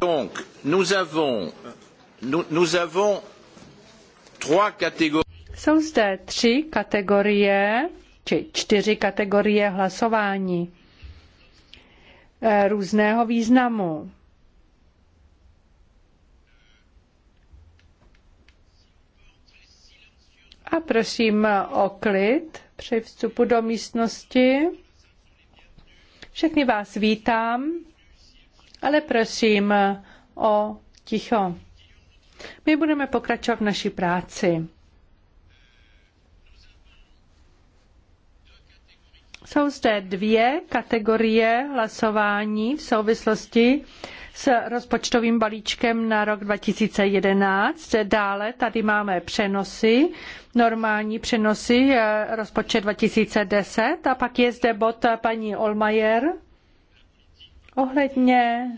Donc, nous avons, trois catégories. Jsou zde tři kategorie, či čtyři kategorie hlasování e, různého významu. A prosím o klid při vstupu do místnosti. Všechny vás vítám ale prosím o ticho. My budeme pokračovat v naší práci. Jsou zde dvě kategorie hlasování v souvislosti s rozpočtovým balíčkem na rok 2011. Dále tady máme přenosy, normální přenosy eh, rozpočet 2010 a pak je zde bod paní Olmajer. Ohledně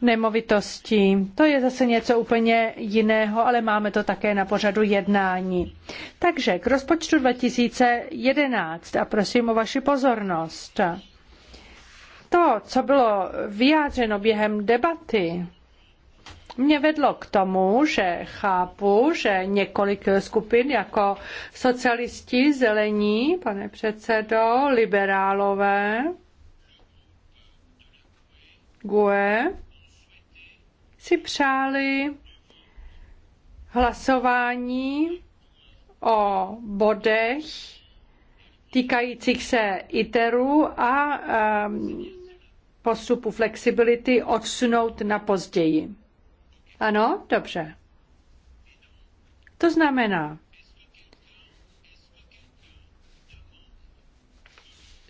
nemovitostí. To je zase něco úplně jiného, ale máme to také na pořadu jednání. Takže k rozpočtu 2011 a prosím o vaši pozornost. To, co bylo vyjádřeno během debaty, mě vedlo k tomu, že chápu, že několik skupin jako socialisti, zelení, pane předsedo, liberálové, GUE si přáli hlasování o bodech týkajících se ITERu a um, postupu flexibility odsunout na později. Ano, dobře. To znamená,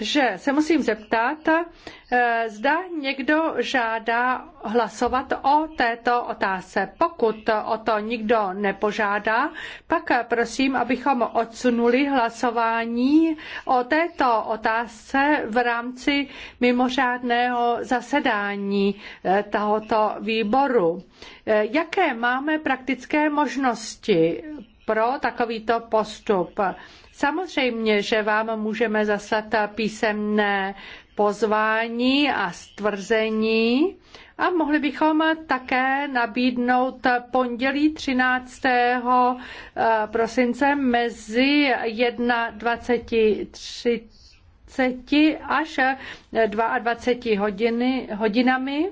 že se musím zeptat, eh, zda někdo žádá hlasovat o této otázce. Pokud o to nikdo nepožádá, pak prosím, abychom odsunuli hlasování o této otázce v rámci mimořádného zasedání eh, tohoto výboru. Eh, jaké máme praktické možnosti pro takovýto postup? Samozřejmě, že vám můžeme zaslat písemné pozvání a stvrzení a mohli bychom také nabídnout pondělí 13. Eh, prosince mezi 21.30 až 22 hodiny, hodinami.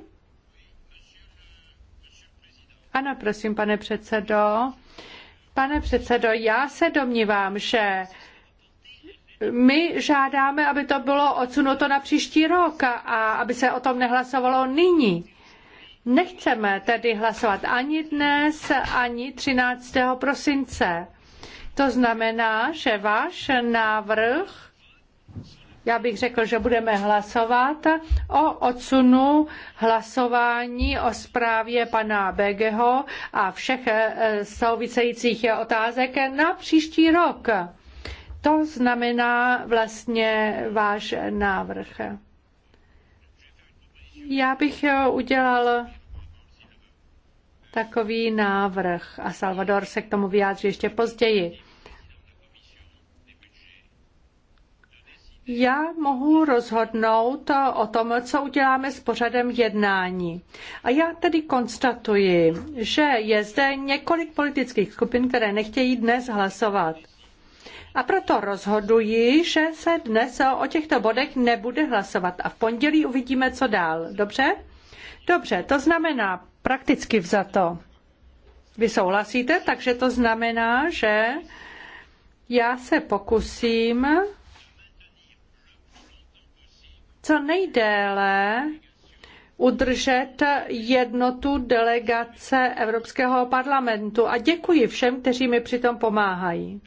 Ano, prosím, pane předsedo. Pane předsedo, já se domnívám, že my žádáme, aby to bylo odsunuto na příští rok a aby se o tom nehlasovalo nyní. Nechceme tedy hlasovat ani dnes, ani 13. prosince. To znamená, že váš návrh já bych řekl, že budeme hlasovat o odsunu hlasování o zprávě pana Begeho a všech eh, souvisejících otázek na příští rok. To znamená vlastně váš návrh. Já bych udělal takový návrh a Salvador se k tomu vyjádří ještě později. Já mohu rozhodnout o tom, co uděláme s pořadem jednání. A já tedy konstatuji, že je zde několik politických skupin, které nechtějí dnes hlasovat. A proto rozhoduji, že se dnes o těchto bodech nebude hlasovat a v pondělí uvidíme, co dál. Dobře? Dobře, to znamená prakticky vzato. Vy souhlasíte, takže to znamená, že já se pokusím co nejdéle udržet jednotu delegace Evropského parlamentu a děkuji všem, kteří mi přitom pomáhají.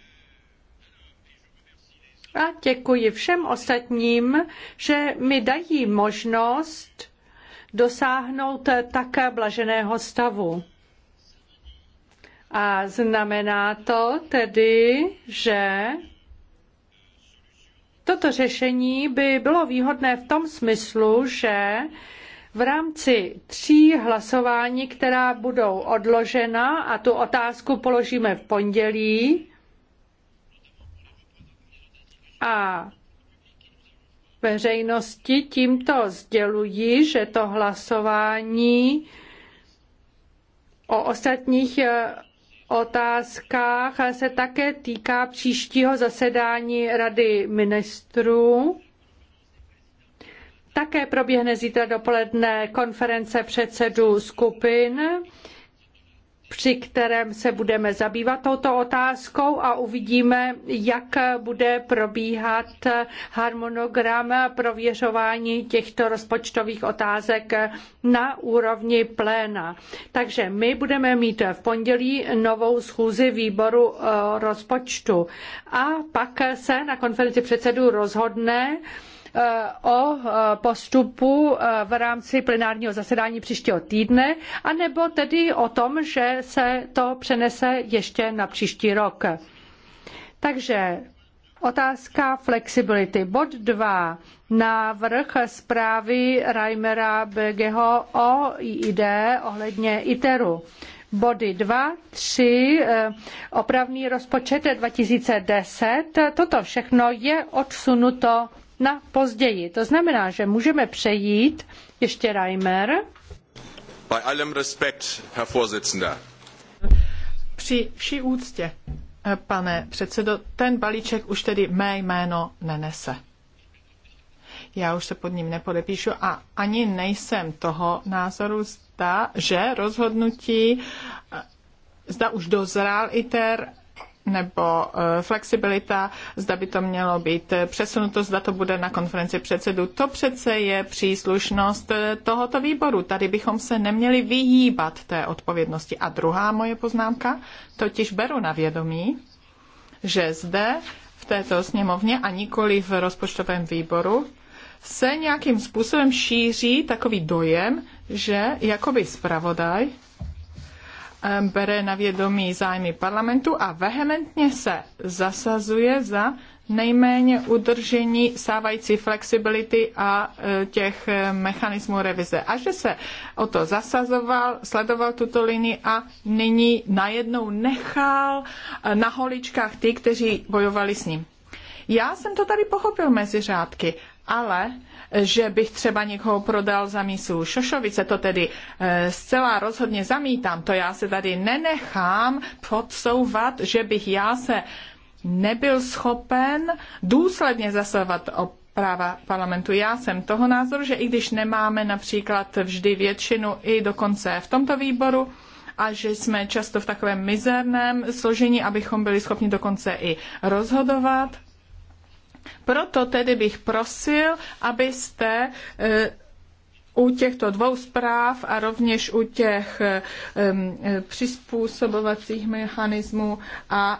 A děkuji všem ostatním, že mi dají možnost dosáhnout také blaženého stavu. A znamená to tedy, že Toto řešení by bylo výhodné v tom smyslu, že v rámci tří hlasování, která budou odložena, a tu otázku položíme v pondělí, a veřejnosti tímto sdělují, že to hlasování o ostatních eh, otázkách se také týká příštího zasedání Rady ministrů. Také proběhne zítra dopoledne konference předsedů skupin při kterém se budeme zabývat touto otázkou a uvidíme, jak bude probíhat harmonogram prověřování těchto rozpočtových otázek na úrovni pléna. Takže my budeme mít v pondělí novou schůzi výboru eh, rozpočtu a pak se na konferenci předsedů rozhodne, Eh, o eh, postupu eh, v rámci plenárního zasedání příštího týdne, anebo tedy o tom, že se to přenese ještě na příští rok. Takže Otázka flexibility. Bod 2. Návrh zprávy Reimera Begeho o IID ohledně ITERu. Body 2, 3, opravný rozpočet 2010. Toto všechno je odsunuto na později. To znamená, že můžeme přejít ještě Reimer. allem Herr Vorsitzender. Při vší úctě, eh, pane předsedo, ten balíček už tedy mé jméno nenese. Já už se pod ním nepodepíšu a ani nejsem toho názoru, zda, že rozhodnutí, eh, zda už dozrál ITER nebo eh, flexibilita, zda by to mělo být přesunuto, zda to bude na konferenci předsedů. To přece je příslušnost eh, tohoto výboru. Tady bychom se neměli vyhýbat té odpovědnosti. A druhá moje poznámka, totiž beru na vědomí, že zde v této sněmovně a nikoli v rozpočtovém výboru se nějakým způsobem šíří takový dojem, že jakoby zpravodaj Eh, bere na vědomí zájmy parlamentu a vehementně se zasazuje za nejméně udržení stávající flexibility a eh, těch eh, mechanismů revize. A že se o to zasazoval, sledoval tuto linii a nyní najednou nechal na holičkách ty, kteří bojovali s ním. Já jsem to tady pochopil mezi řádky, ale že bych třeba někoho prodal za mísu Šošovice, to tedy eh, zcela rozhodně zamítám, to já se tady nenechám podsouvat, že bych já se nebyl schopen důsledně zasahovat o práva parlamentu. Já jsem toho názoru, že i když nemáme například vždy většinu i dokonce v tomto výboru, a že jsme často v takovém mizerném složení, abychom byli schopni dokonce i rozhodovat, proto tedy bych prosil, abyste e, u těchto dvou zpráv a rovněž u těch e, přizpůsobovacích mechanismů a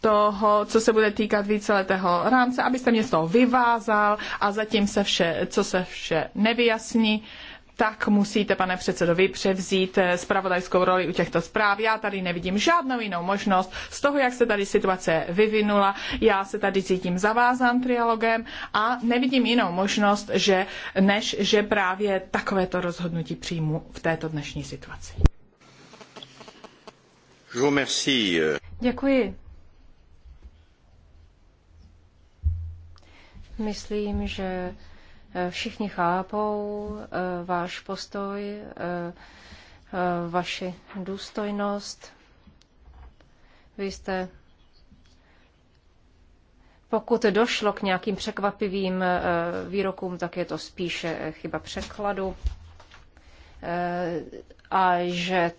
toho, co se bude týkat víceletého rámce, abyste mě z toho vyvázal a zatím se vše, co se vše nevyjasní, tak musíte, pane předsedo, vy převzít spravodajskou eh, roli u těchto zpráv. Já tady nevidím žádnou jinou možnost. Z toho, jak se tady situace vyvinula, já se tady cítím zavázán trialogem a nevidím jinou možnost, že, než že právě takovéto rozhodnutí přijmu v této dnešní situaci. Děkuji. Myslím, že Eh, všichni chápou eh, váš postoj, eh, vaši důstojnost. Vy jste pokud došlo k nějakým překvapivým výrokům, tak je to spíše chyba překladu. A že,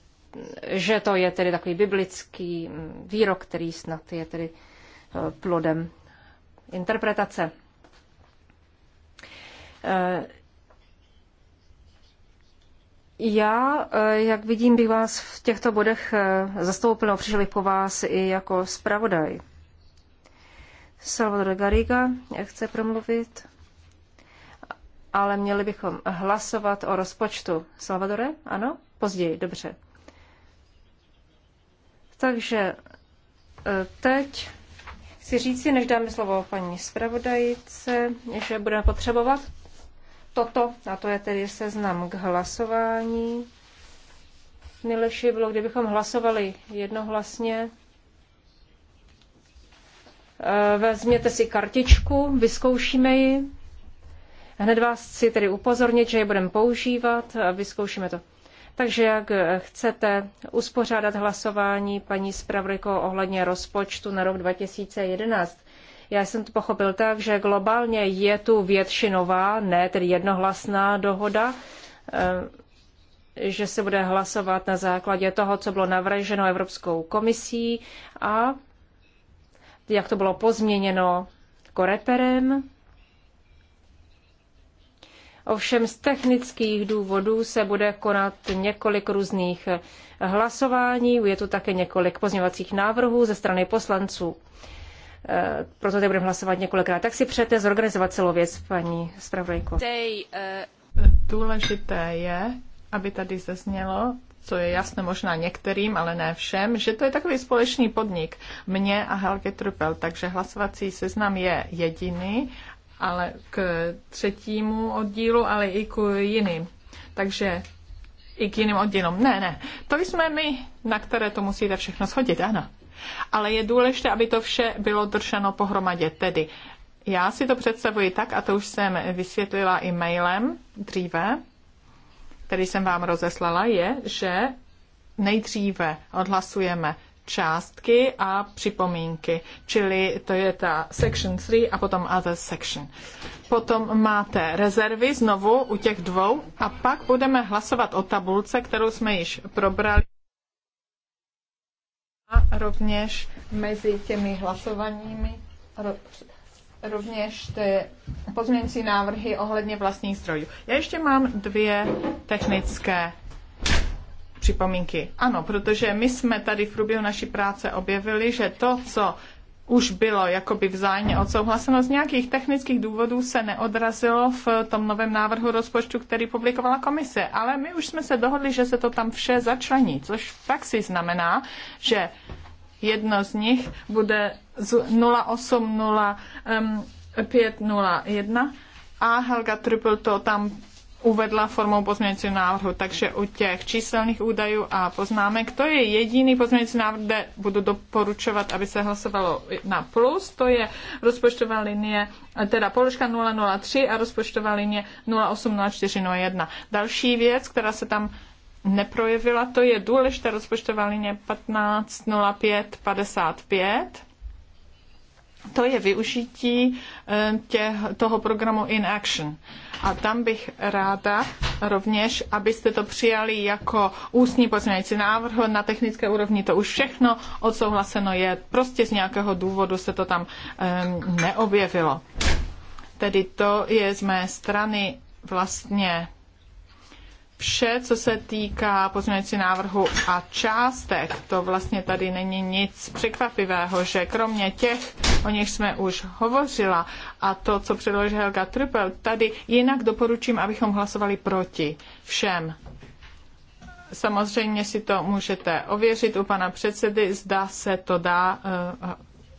že to je tedy takový biblický mm, výrok, který snad je tedy plodem interpretace. Eh, já, eh, jak vidím, bych vás v těchto bodech eh, zastoupil, a přišel bych po vás i jako zpravodaj. Salvador Garriga chce promluvit, ale měli bychom hlasovat o rozpočtu. Salvadore, ano? Později, dobře. Takže teď chci říci, než dáme slovo paní zpravodajice, že budeme potřebovat toto, a to je tedy seznam k hlasování. Nejlepší bylo, kdybychom hlasovali jednohlasně. Eh, vezměte si kartičku, vyzkoušíme ji. Hned vás chci tedy upozornit, že ji budeme používat a vyzkoušíme to. Takže jak chcete uspořádat hlasování paní zpravodajko ohledně rozpočtu na rok 2011? Já jsem to pochopil tak, že globálně je tu většinová, ne tedy jednohlasná dohoda, eh, že se bude hlasovat na základě toho, co bylo navrženo Evropskou komisí a jak to bylo pozměněno koreperem. Ovšem z technických důvodů se bude konat několik různých hlasování, je tu také několik pozměňovacích návrhů ze strany poslanců. Eh, proto tady budeme hlasovat několikrát. Tak si přejete zorganizovat celou věc, paní zpravodajko. Eh, Důležité je, aby tady zaznělo, co je jasné možná některým, ale ne všem, že to je takový společný podnik mě a Helge Trupel, takže hlasovací seznam je jediný, ale k třetímu oddílu, ale i k jiným. Takže i k jiným oddílům. Ne, ne, to jsme my, na které to musíte všechno shodit, ano. Ale je důležité, aby to vše bylo drženo pohromadě. Tedy já si to představuji tak, a to už jsem vysvětlila i mailem dříve, který jsem vám rozeslala, je, že nejdříve odhlasujeme částky a připomínky, čili to je ta section 3 a potom other section. Potom máte rezervy znovu u těch dvou a pak budeme hlasovat o tabulce, kterou jsme již probrali. A rovněž mezi těmi hlasovaními rovněž ty pozměňující návrhy ohledně vlastních zdrojů. Já ještě mám dvě technické připomínky. Ano, protože my jsme tady v průběhu naší práce objevili, že to, co už bylo jakoby vzájemně odsouhlaseno. Z nějakých technických důvodů se neodrazilo v tom novém návrhu rozpočtu, který publikovala komise, ale my už jsme se dohodli, že se to tam vše začlení, což v praxi znamená, že jedno z nich bude 080501 a Helga Triple to tam uvedla formou pozměňovacího návrhu. Takže u těch číselných údajů a poznámek, to je jediný pozměňovací návrh, kde budu doporučovat, aby se hlasovalo na plus, to je rozpočtová linie, teda položka 003 a rozpočtová linie 080401. Další věc, která se tam neprojevila, to je důležitá rozpočtová linie 150555 to je využití eh, těch, toho programu In Action. A tam bych ráda rovněž, abyste to přijali jako ústní pozměňující návrh na technické úrovni, to už všechno odsouhlaseno je, prostě z nějakého důvodu se to tam um, neobjevilo. Tedy to je z mé strany vlastně vše, co se týká pozměňovacího návrhu a částek, to vlastně tady není nic překvapivého, že kromě těch, o nich jsme už hovořila, a to, co předložil Helga Trupel, tady jinak doporučím, abychom hlasovali proti všem. Samozřejmě si to můžete ověřit u pana předsedy, zda se to dá eh,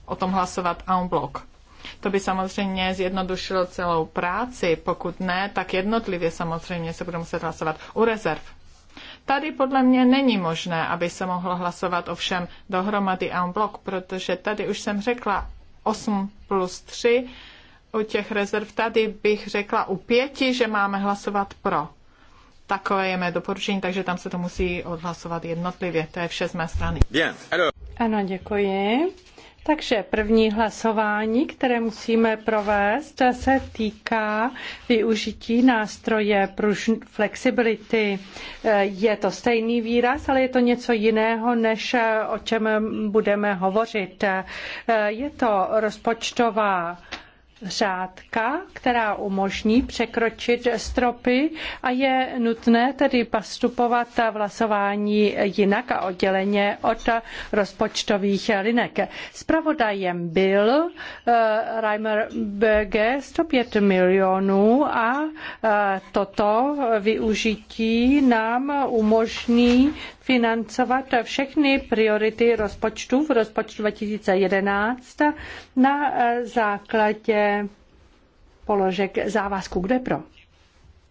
o tom hlasovat en bloc. To by samozřejmě zjednodušilo celou práci, pokud ne, tak jednotlivě samozřejmě se budou muset hlasovat u rezerv. Tady podle mě není možné, aby se mohlo hlasovat ovšem dohromady en blok, protože tady už jsem řekla 8 plus 3 u těch rezerv. Tady bych řekla u pěti, že máme hlasovat pro. Takové je mé doporučení, takže tam se to musí odhlasovat jednotlivě. To je vše z mé strany. Yeah, ano, děkuji. Takže první hlasování, které musíme provést, se týká využití nástroje pružn flexibility. Je to stejný výraz, ale je to něco jiného, než o čem budeme hovořit. Je to rozpočtová řádka, která umožní překročit stropy a je nutné tedy postupovat hlasování jinak a odděleně od rozpočtových linek. Spravodajem byl eh, Reimer Böge 105 milionů a eh, toto využití nám umožní financovat všechny priority rozpočtu v rozpočtu 2011 na eh, základě položek závazku. Kdo je pro?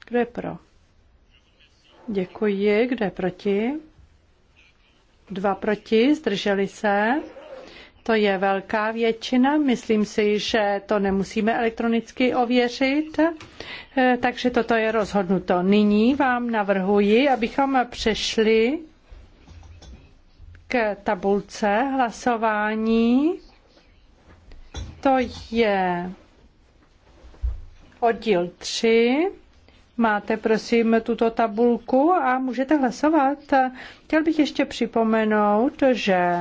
Kdo je pro? Děkuji. Kdo je proti? Dva proti, zdrželi se. To je velká většina. Myslím si, že to nemusíme elektronicky ověřit, eh, takže toto je rozhodnuto. Nyní vám navrhuji, abychom přešli k tabulce hlasování. To je oddíl 3. Máte, prosím, tuto tabulku a můžete hlasovat. Chtěl bych ještě připomenout, že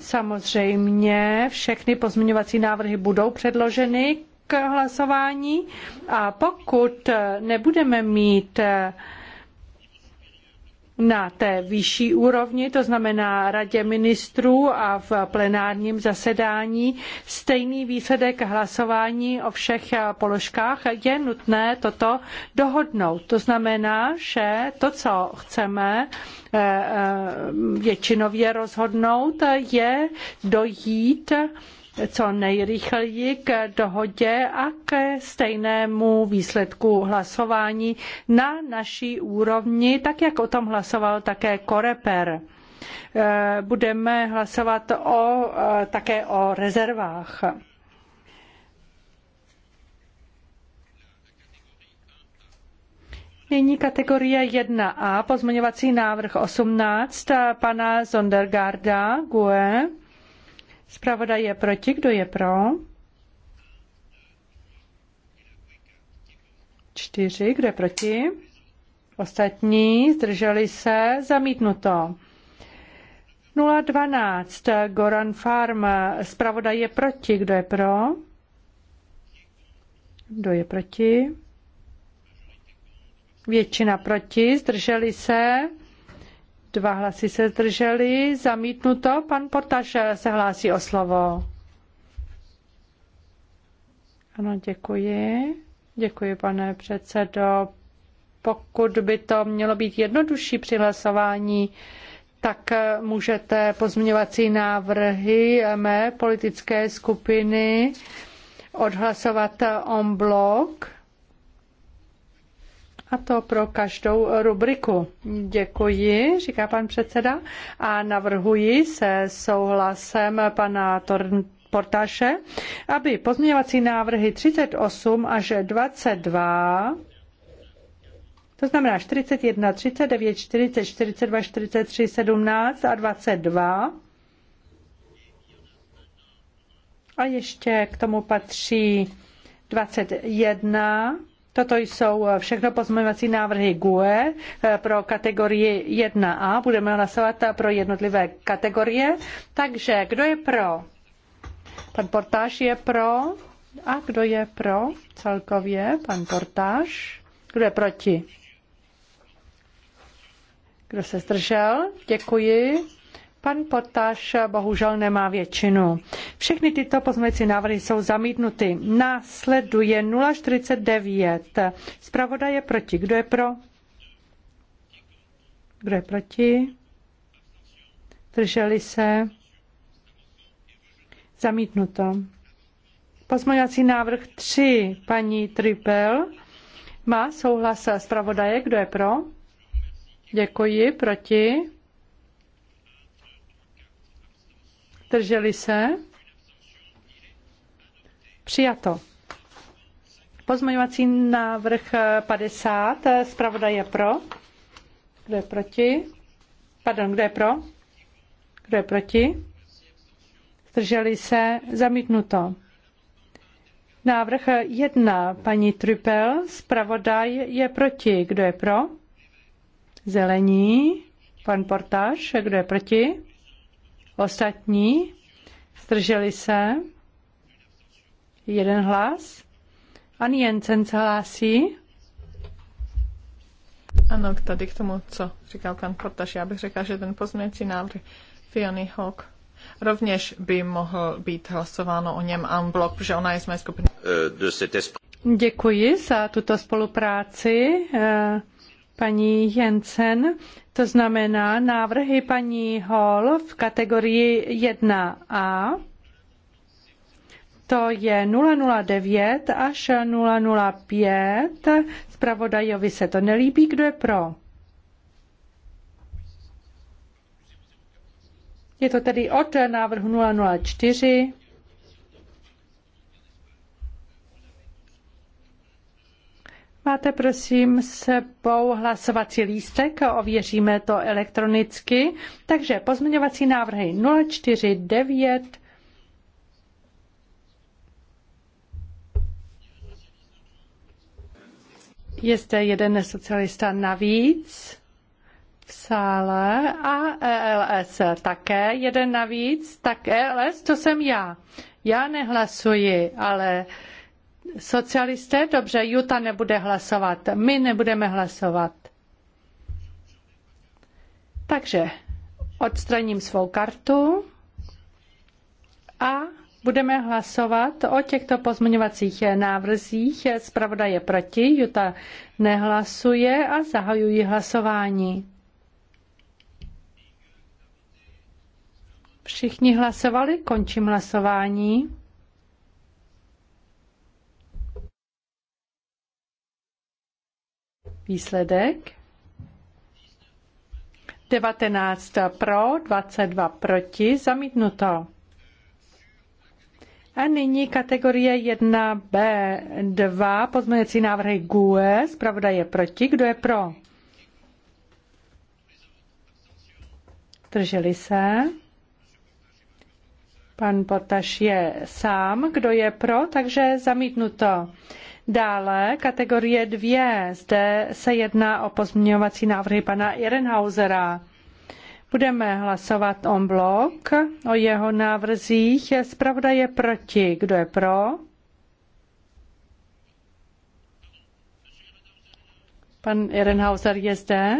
samozřejmě všechny pozměňovací návrhy budou předloženy k hlasování a pokud nebudeme mít na té vyšší úrovni, to znamená radě ministrů a v plenárním zasedání stejný výsledek hlasování o všech položkách, je nutné toto dohodnout. To znamená, že to, co chceme eh, eh, většinově rozhodnout, je dojít co nejrychleji k dohodě a ke stejnému výsledku hlasování na naší úrovni, tak jak o tom hlasoval také Koreper. Eh, budeme hlasovat o, eh, také o rezervách. Nyní kategorie 1a, pozměňovací návrh 18 eh, pana Zondergarda Gue. Zpravodaj je proti, kdo je pro? Čtyři, kdo je proti? Ostatní zdrželi se, zamítnuto. 012, Goran Farm, zpravodaj je proti, kdo je pro? Kdo je proti? Většina proti, zdrželi se. Dva hlasy se zdrželi. Zamítnuto. Pan Portaž se hlásí o slovo. Ano, děkuji. Děkuji, pane předsedo. Pokud by to mělo být jednodušší při hlasování, tak můžete pozměňovací návrhy mé politické skupiny odhlasovat en bloc a to pro každou rubriku. Děkuji, říká pan předseda. A navrhuji se souhlasem pana Torn Portaše, aby pozměňovací návrhy 38 až 22, to znamená 41, 39, 40, 42, 43, 17 a 22, a ještě k tomu patří 21, Toto jsou všechno pozměňovací návrhy GUE eh, pro kategorii 1A. Budeme hlasovat pro jednotlivé kategorie. Takže kdo je pro? Pan Portáž je pro. A kdo je pro celkově? Pan Portáž. Kdo je proti? Kdo se zdržel? Děkuji. Pan Portáš bohužel nemá většinu. Všechny tyto pozměňovací návrhy jsou zamítnuty. Následuje 049. Zpravodaj je proti. Kdo je pro? Kdo je proti? Drželi se? Zamítnuto. Pozměňovací návrh 3 paní Tripel má souhlas zpravodaje. Kdo je pro? Děkuji. Proti? Zdrželi se? Přijato. Pozměňovací návrh 50. Zpravodaj je pro. Kdo je proti? Pardon, kdo je pro? Kdo je proti? Zdrželi se? Zamítnuto. Návrh 1. Paní Trupel. Zpravodaj je proti. Kdo je pro? Zelení. Pan Portáš. Kdo je proti? Ostatní? Zdrželi se? Jeden hlas? Ani Jensen se hlásí? Ano, tady k tomu, co říkal pan Kortaš, já bych řekla, že ten pozměnící návrh Fiony Hawk rovněž by mohl být hlasováno o něm en bloc, protože ona je z mé skupiny. Eh, Děkuji za tuto spolupráci. Eh, paní Jensen, to znamená návrhy paní Hall v kategorii 1A. To je 009 až 005. Spravodajovi se to nelíbí, kdo je pro? Je to tedy od návrhu 004 Máte prosím sebou hlasovací lístek, ověříme to elektronicky. Takže pozměňovací návrhy 049. Je zde jeden socialista navíc v sále a ELS také jeden navíc, tak ELS to jsem já. Já nehlasuji, ale uh, Socialisté, dobře, Juta nebude hlasovat, my nebudeme hlasovat. Takže odstraním svou kartu a budeme hlasovat o těchto pozměňovacích návrzích. Zpravoda je proti, Juta nehlasuje a zahajuji hlasování. Všichni hlasovali, končím hlasování. Výsledek 19 pro, 22 proti, zamítnuto. A nyní kategorie 1b, 2 pozměňovací návrhy GUE, zpravodaj je proti, kdo je pro? Drželi se. Pan Potaš je sám, kdo je pro, takže zamítnuto. Dále kategorie 2. Zde se jedná o pozměňovací návrhy pana Irenhausera. Budeme hlasovat on blok o jeho návrzích. Zpravda je proti. Kdo je pro? Pan Ehrenhauser je zde?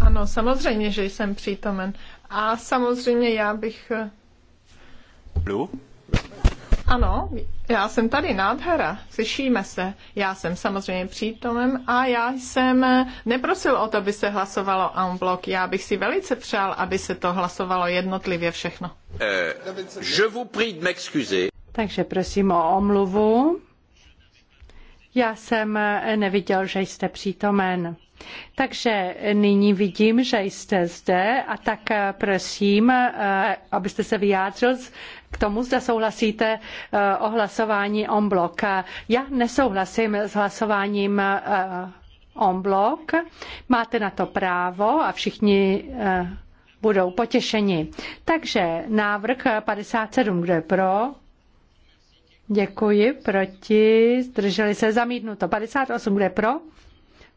Ano, samozřejmě, že jsem přítomen. A samozřejmě já bych... Blue? Ano, já jsem tady, nádhera, slyšíme se. Já jsem samozřejmě přítomen a já jsem neprosil o to, aby se hlasovalo en bloc. Já bych si velice přál, aby se to hlasovalo jednotlivě všechno. Eh, je vous prie de Takže prosím o omluvu. Já jsem neviděl, že jste přítomen. Takže nyní vidím, že jste zde a tak eh, prosím, eh, abyste se vyjádřil k tomu, zda souhlasíte eh, o hlasování on blok. Já nesouhlasím s hlasováním on blok. Máte na to právo a všichni budou potěšeni. Takže návrh 57, kdo je pro? Děkuji, proti, zdrželi se, zamítnuto. 58, kdo je pro?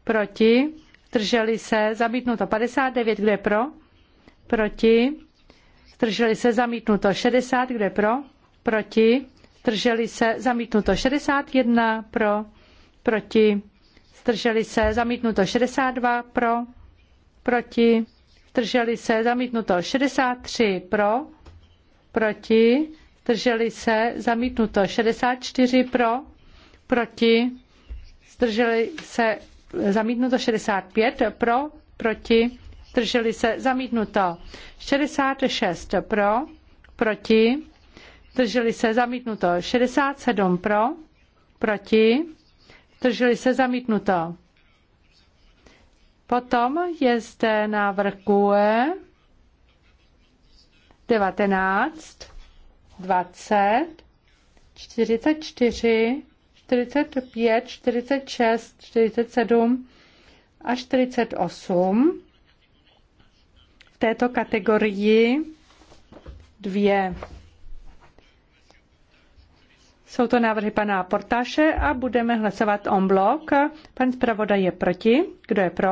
proti, zdrželi se, zamítnuto 59, kdo je pro, proti, zdrželi se, zamítnuto 60, kdo je pro, proti, zdrželi se, zamítnuto 61, pro, proti, zdrželi se, zamítnuto 62, pro, proti, zdrželi se, zamítnuto 63, pro, proti, zdrželi se, zamítnuto 64, pro, proti, zdrželi se, zamítnuto 65 pro, proti, zdrželi se, zamítnuto 66 pro, proti, zdrželi se, zamítnuto 67 pro, proti, zdrželi se, zamítnuto. Potom je zde návrh GUE 19, 20, 44, 45, 46, 47 a 48. V této kategorii dvě. Jsou to návrhy pana Portáše a budeme hlasovat on blok. Pan zpravodaj je proti. Kdo je pro?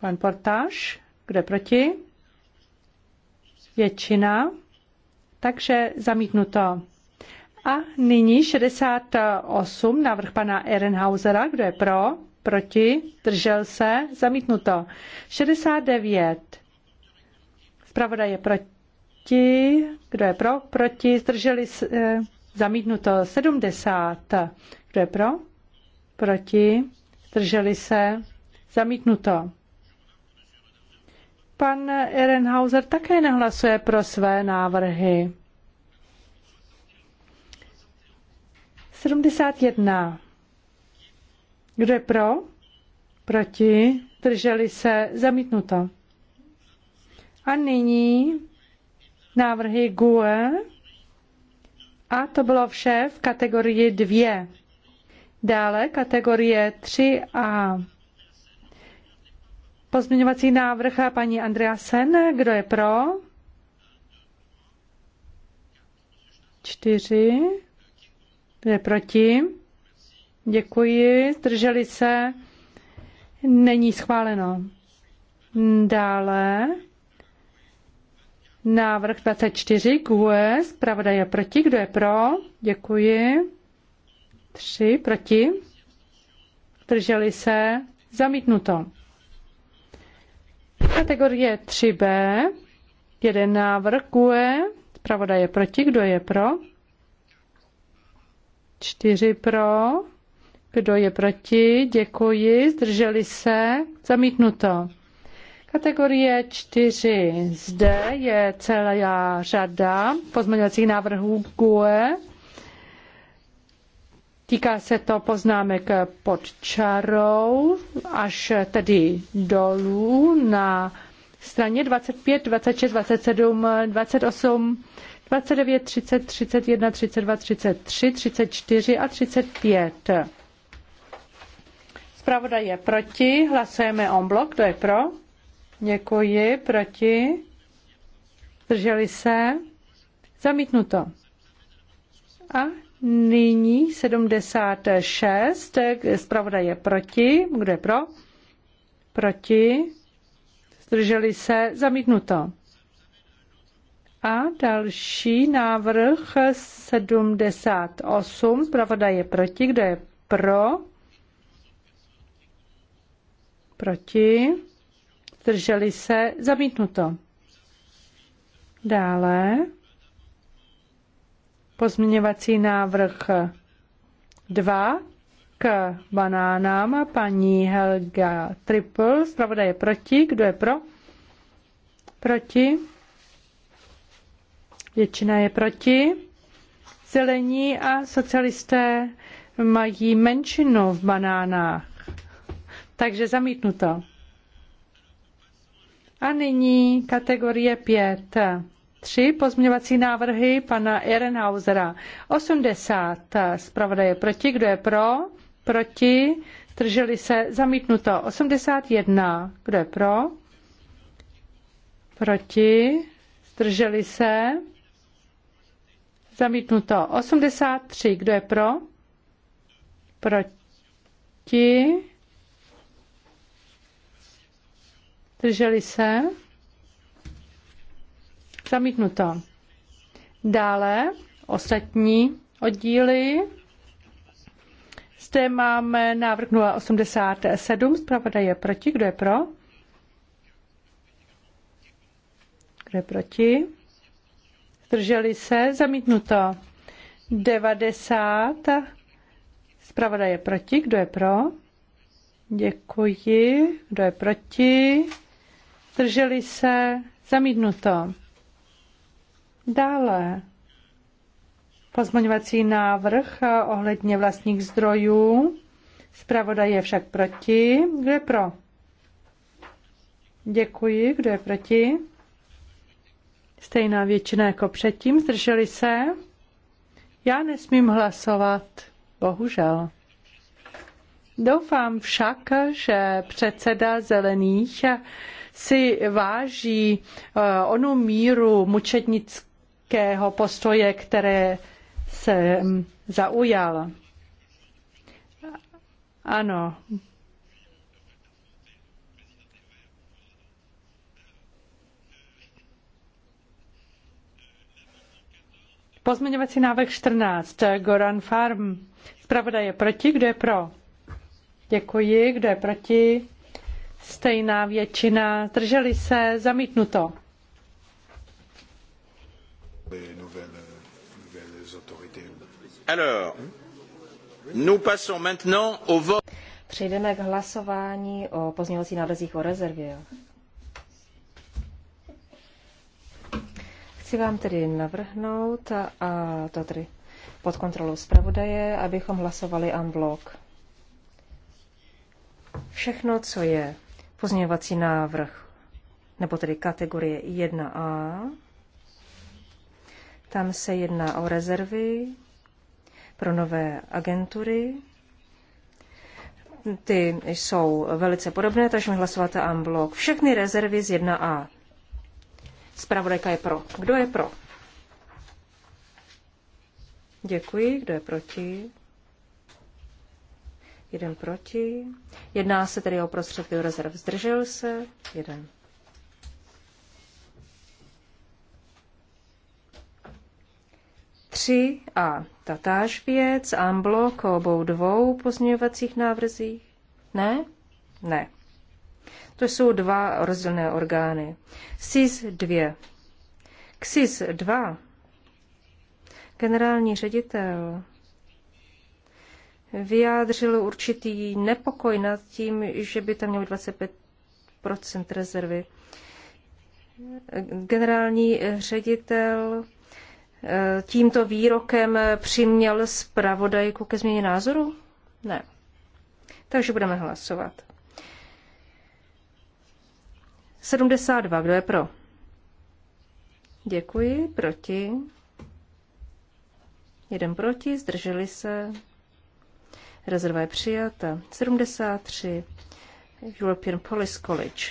Pan Portáš. Kdo je proti? Většina. Takže zamítnuto. A nyní 68, návrh pana Ehrenhausera. Kdo je pro? Proti? Držel se? Zamítnuto. 69. Zpravodaj je proti. Kdo je pro? Proti. Zdrželi se? Zamítnuto. 70. Kdo je pro? Proti. Zdrželi se? Zamítnuto. Pan Ehrenhauser také nehlasuje pro své návrhy. 71. Kdo je pro? Proti? Drželi se? Zamítnuto. A nyní návrhy GUE. A to bylo vše v kategorii 2. Dále kategorie 3a. Pozměňovací návrh paní Andrea Sen. Kdo je pro? 4. Kdo je proti? Děkuji. Zdrželi se? Není schváleno. Dále. Návrh 24, GUE, Pravda je proti, kdo je pro? Děkuji. Tři proti. Drželi se. Zamítnuto. Kategorie 3B, jeden návrh GUE, zpravda je proti, kdo je pro? 4 pro, kdo je proti, děkuji, zdrželi se, zamítnuto. Kategorie 4. Zde je celá řada pozměňovacích návrhů GUE. Týká se to poznámek pod čarou až tedy dolů na straně 25, 26, 27, 28, 29, 30, 31, 32, 33, 34 a 35. Zpravodaj je proti, hlasujeme on blok, kdo je pro? Děkuji, proti. Drželi se. Zamítnuto. A nyní 76, zpravodaj je proti, kdo je pro? Proti. Zdrželi se, zamítnuto. A další návrh 78. Pravda je proti. Kdo je pro? Proti. Zdrželi se. Zamítnuto. Dále. Pozměňovací návrh 2 k banánám paní Helga Triple. Zpravodaj je proti. Kdo je pro? Proti. Většina je proti. Zelení a socialisté mají menšinu v banánách. Takže zamítnuto. A nyní kategorie 5. Tři pozměňovací návrhy pana Ehrenhausera. 80. Zpravodaj je proti. Kdo je pro? Proti. Drželi se zamítnuto. 81. Kdo je pro? Proti. Zdrželi se. Zamítnuto 83. Kdo je pro? Proti? Drželi se? Zamítnuto. Dále ostatní oddíly. Zde máme návrh 087. Zpravodaj je proti. Kdo je pro? Kdo je proti? Zdrželi se? Zamítnuto. 90. Zpravodaj je proti. Kdo je pro? Děkuji. Kdo je proti? Zdrželi se? Zamítnuto. Dále. Pozmaňovací návrh ohledně vlastních zdrojů. Zpravoda je však proti. Kdo je pro? Děkuji. Kdo je proti? Stejná většina jako předtím. Zdrželi se? Já nesmím hlasovat. Bohužel. Doufám však, že předseda zelených si váží eh, onu míru mučetnického postoje, které se zaujal. Ano, Pozměňovací návrh 14. Goran Farm. Zpravodaj je proti, kdo je pro? Děkuji, kdo je proti? Stejná většina. Drželi se, zamítnuto. Alors, nous passons maintenant au vote. Přejdeme k hlasování o pozměňovacích návrzích o rezervě. Chci vám tedy navrhnout, a, a to tedy pod kontrolou zpravodaje, abychom hlasovali en bloc. Všechno, co je pozměňovací návrh, nebo tedy kategorie 1a, tam se jedná o rezervy pro nové agentury. Ty jsou velice podobné, takže mi hlasovat en bloc. Všechny rezervy z 1a. Spravodajka je pro. Kdo je pro? Děkuji. Kdo je proti? Jeden proti. Jedná se tedy o prostředky do rezerv. Zdržel se? Jeden. Tři a tatáž věc, amblok obou dvou pozměňovacích návrzích. Ne? Ne. To jsou dva rozdílné orgány. SIS 2. K SIS 2 generální ředitel vyjádřil určitý nepokoj nad tím, že by tam měl 25 rezervy. Generální ředitel eh, tímto výrokem přiměl zpravodajku ke změně názoru? Ne. Takže budeme hlasovat. 72. Kdo je pro? Děkuji. Proti? Jeden proti. Zdrželi se. Rezerva je přijata. 73. European Police College.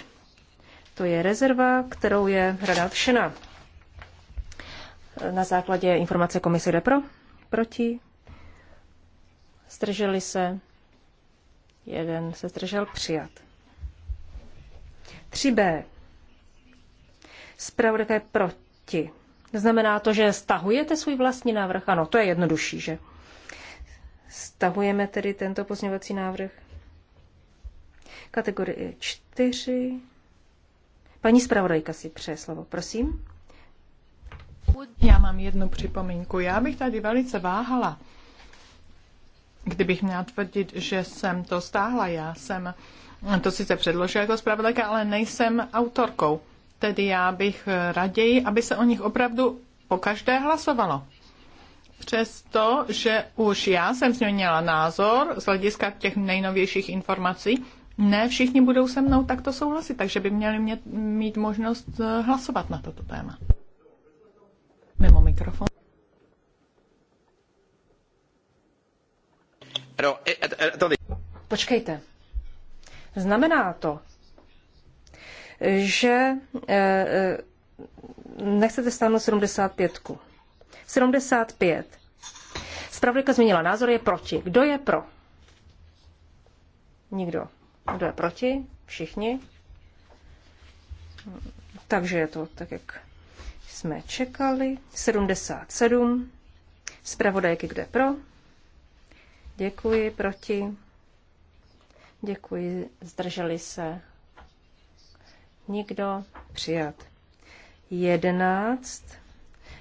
To je rezerva, kterou je hrada všena. Na základě informace komise jde pro, proti, zdrželi se, jeden se zdržel přijat. 3b. Zpravodajka je proti. Znamená to, že stahujete svůj vlastní návrh? Ano, to je jednodušší, že? Stahujeme tedy tento pozměňovací návrh. Kategorie 4. Paní zpravodajka si přeje slovo, prosím. Já mám jednu připomínku. Já bych tady velice váhala, kdybych měla tvrdit, že jsem to stáhla. Já jsem uh, to sice předložil jako zpravodajka, ale nejsem autorkou. Tedy já bych eh, raději, aby se o nich opravdu po každé hlasovalo. Přesto, že už já jsem změnila názor z hlediska těch nejnovějších informací, ne všichni budou se mnou takto souhlasit, takže by měli mě, mít možnost eh, hlasovat na toto téma. Mimo mikrofon. Eh, Počkejte. Znamená to, že eh, eh, nechcete stáhnout 75. 75. Spravodajka změnila názor, je proti. Kdo je pro? Nikdo. Kdo je proti? Všichni. Takže je to tak, jak jsme čekali. 77. Spravodajky, kde pro? Děkuji, proti. Děkuji, zdrželi se. Nikdo přijat. Jedenáct.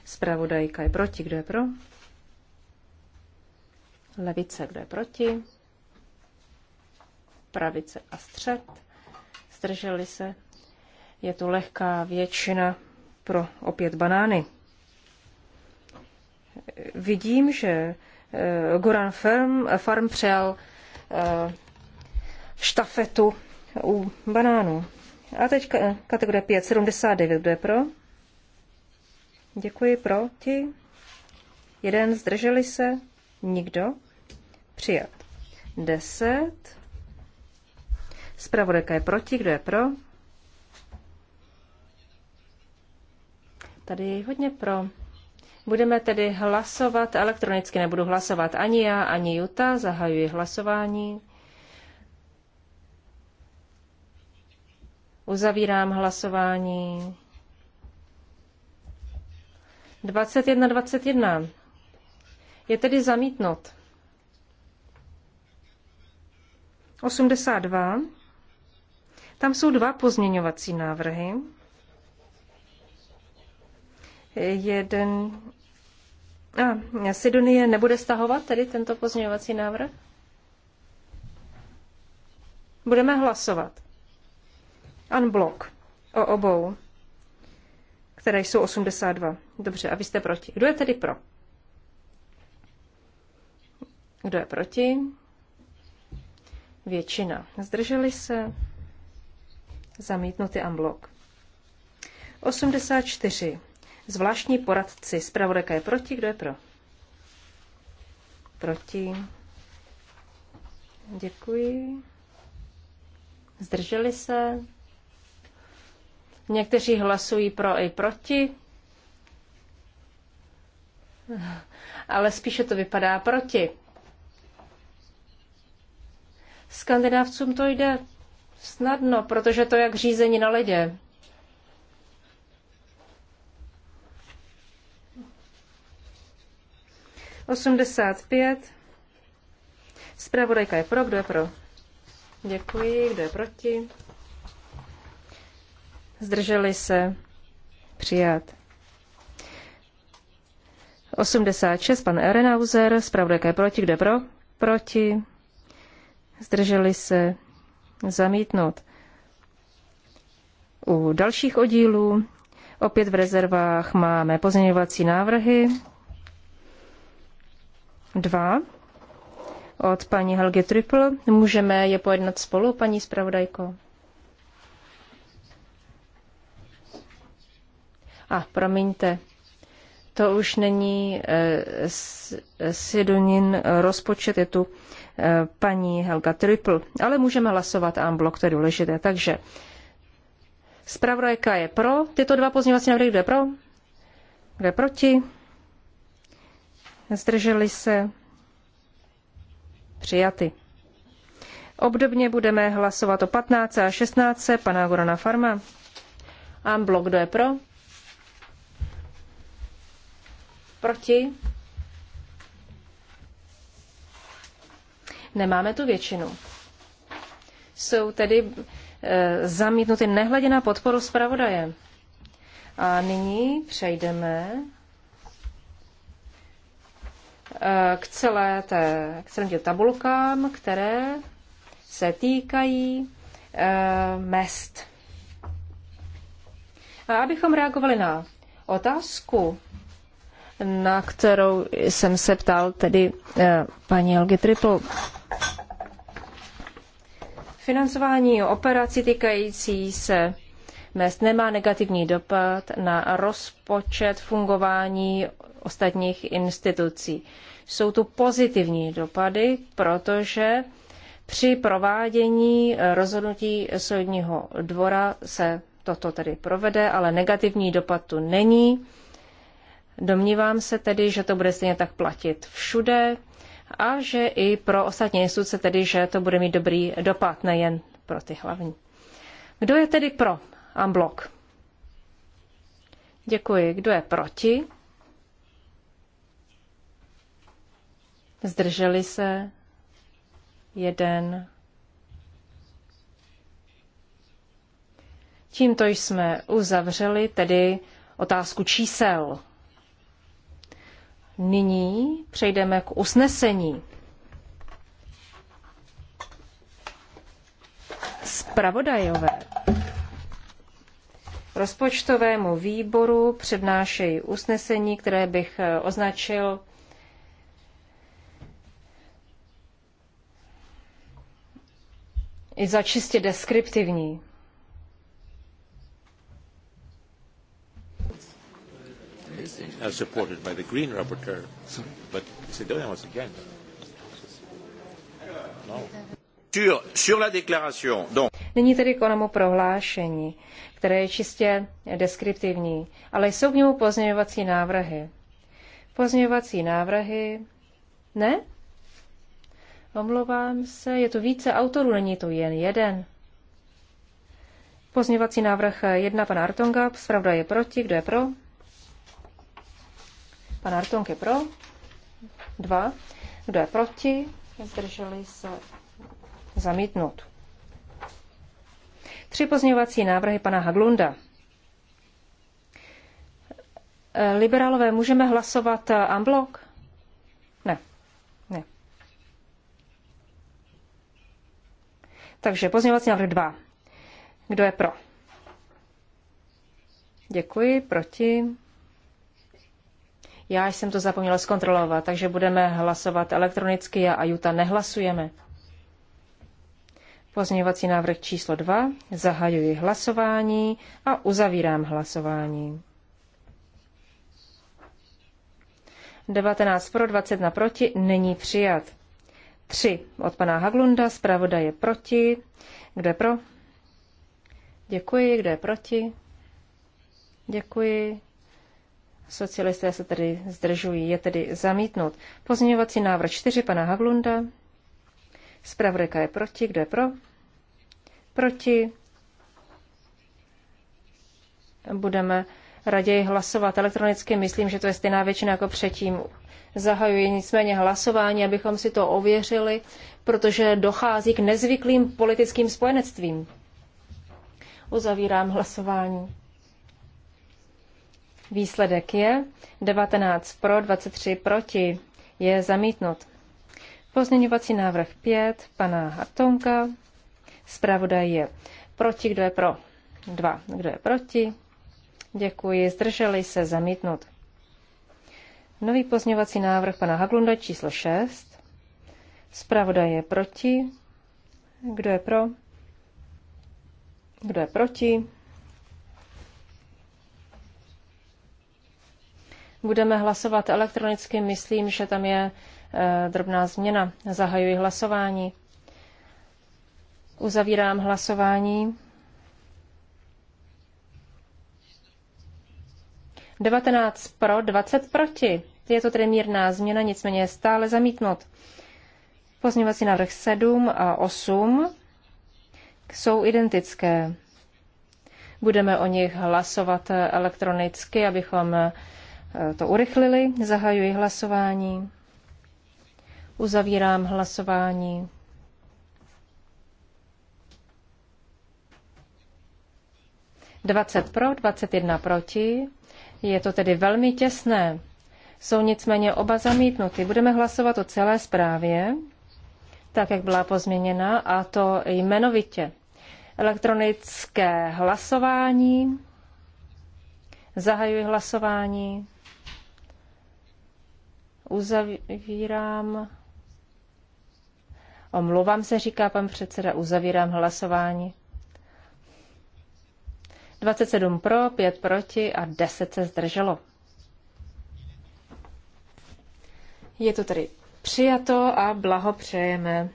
Spravodajka je proti, kdo je pro? Levice, kdo je proti? Pravice a střed. Zdrželi se. Je to lehká většina pro opět banány. Vidím, že eh, Goran Farm, Farm přijal eh, štafetu u banánů. A teď kategorie 5, 79, kdo je pro? Děkuji, proti? Jeden, zdrželi se? Nikdo? Přijat. 10. Zpravodajka je proti, kdo je pro? Tady je hodně pro. Budeme tedy hlasovat elektronicky, nebudu hlasovat ani já, ani Juta, zahajuji hlasování. Uzavírám hlasování. 21, 21. Je tedy zamítnut. 82. Tam jsou dva pozměňovací návrhy. Jeden... A, Sidonie nebude stahovat tedy tento pozměňovací návrh? Budeme hlasovat. Unblock o obou, které jsou 82. Dobře, a vy jste proti. Kdo je tedy pro? Kdo je proti? Většina. Zdrželi se? Zamítnutý unblock. 84. Zvláštní poradci. Zpravodajka je proti, kdo je pro? Proti. Děkuji. Zdrželi se? Někteří hlasují pro i proti, ale spíše to vypadá proti. Skandinávcům to jde snadno, protože to je jak řízení na ledě. Osmdesát pět. Zpravodajka je pro, kdo je pro? Děkuji, kdo je proti? Zdrželi se? Přijat. 86. Pan Erenauzer, Spravodajka je proti. kde pro? Proti. Zdrželi se? Zamítnout. U dalších oddílů opět v rezervách máme pozměňovací návrhy. Dva od paní Helgi Triple. Můžeme je pojednat spolu, paní zpravodajko? A promiňte, to už není eh, Sidonin rozpočet, je tu eh, paní Helga Triple, ale můžeme hlasovat en blok, to je důležité. Takže zpravodajka je pro tyto dva pozměňovací návrhy, kdo je pro, kdo je proti, zdrželi se, přijaty. Obdobně budeme hlasovat o 15 a 16 pana Gorona Farma. En blok, kdo je pro, Proti? Nemáme tu většinu. Jsou tedy e, zamítnuty nehledě na podporu zpravodaje. A nyní přejdeme eh, k, celé té, k celým těm tabulkám, které se týkají e, mest. A abychom reagovali na otázku na kterou jsem se ptal, tedy eh, paní Olgy Triple. Financování operací týkající se mest nemá negativní dopad na rozpočet fungování ostatních institucí. Jsou tu pozitivní dopady, protože při provádění rozhodnutí soudního dvora se toto tedy provede, ale negativní dopad tu není Domnívám se tedy, že to bude stejně tak platit všude a že i pro ostatní instituce, tedy že to bude mít dobrý dopad, nejen pro ty hlavní. Kdo je tedy pro Amblok? Děkuji. Kdo je proti? Zdrželi se? Jeden. Tímto jsme uzavřeli tedy otázku čísel. Nyní přejdeme k usnesení. Spravodajové rozpočtovému výboru přednášejí usnesení, které bych eh, označil i za čistě deskriptivní. as supported by the Green Rapporteur. Sorry. But Sedonia was against. No. Sur, sur Nyní tedy k onomu prohlášení, které je čistě deskriptivní, ale jsou k němu pozměňovací návrhy. Pozměňovací návrhy... Ne? Omlouvám se, je tu více autorů, není tu jen jeden. Pozměňovací návrh jedna pana Artonga, zpravda je proti, kdo je pro? Pan Artonk je pro. Dva. Kdo je proti? Zdrželi se zamítnout. Tři pozměňovací návrhy pana Haglunda. Liberálové, můžeme hlasovat unblock? Eh, ne. Ne. Takže pozměňovací návrh 2. Kdo je pro? Děkuji. Proti? Já jsem to zapomněla zkontrolovat, takže budeme hlasovat elektronicky, já a Juta nehlasujeme. Pozměňovací návrh číslo 2. Zahajuji hlasování a uzavírám hlasování. 19 pro, 20 na proti, není přijat. 3 od pana Haglunda, zpravoda je proti. Kde pro? Děkuji, kde je proti? Děkuji. Socialisté se tedy zdržují, je tedy zamítnut. Pozměňovací návrh 4 pana Havlunda. Zpravodajka je proti, kdo je pro? Proti. Budeme raději hlasovat elektronicky, myslím, že to je stejná většina jako předtím. Zahajuji nicméně hlasování, abychom si to ověřili, protože dochází k nezvyklým politickým spojenectvím. Uzavírám hlasování. Výsledek je 19 pro, 23 proti. Je zamítnut. Pozměňovací návrh 5 pana Hartonka. Zpravodaj je proti, kdo je pro. 2. Kdo je proti? Děkuji. Zdrželi se zamítnut. Nový pozměňovací návrh pana Haglunda číslo 6. Zpravodaj je proti. Kdo je pro? Kdo je proti? Budeme hlasovat elektronicky, myslím, že tam je eh, drobná změna. Zahajuji hlasování. Uzavírám hlasování. 19 pro, 20 proti. Je to tedy mírná změna, nicméně je stále zamítnut. Pozměňovací návrh 7 a 8 jsou identické. Budeme o nich hlasovat elektronicky, abychom eh, to urychlili. Zahajuji hlasování. Uzavírám hlasování. Dvacet pro, 21 proti. Je to tedy velmi těsné. Jsou nicméně oba zamítnuty. Budeme hlasovat o celé zprávě, tak jak byla pozměněna, a to jmenovitě. Elektronické hlasování. Zahajuji hlasování. Uzavírám. Omlouvám se, říká pan předseda, uzavírám hlasování. 27 pro, 5 proti a 10 se zdrželo. Je to tedy přijato a blahopřejeme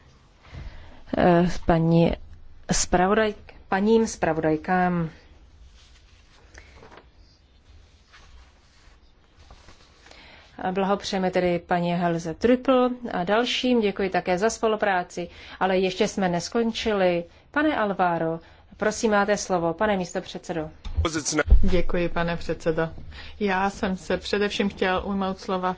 eh, paní spravodaj, paním spravodajkám. Blahopřejeme tedy paní Helze Trypl a dalším. Děkuji také za spolupráci, ale ještě jsme neskončili. Pane Alváro, prosím, máte slovo. Pane místo předsedo. Děkuji, pane předsedo. Já jsem se především chtěl ujmout slova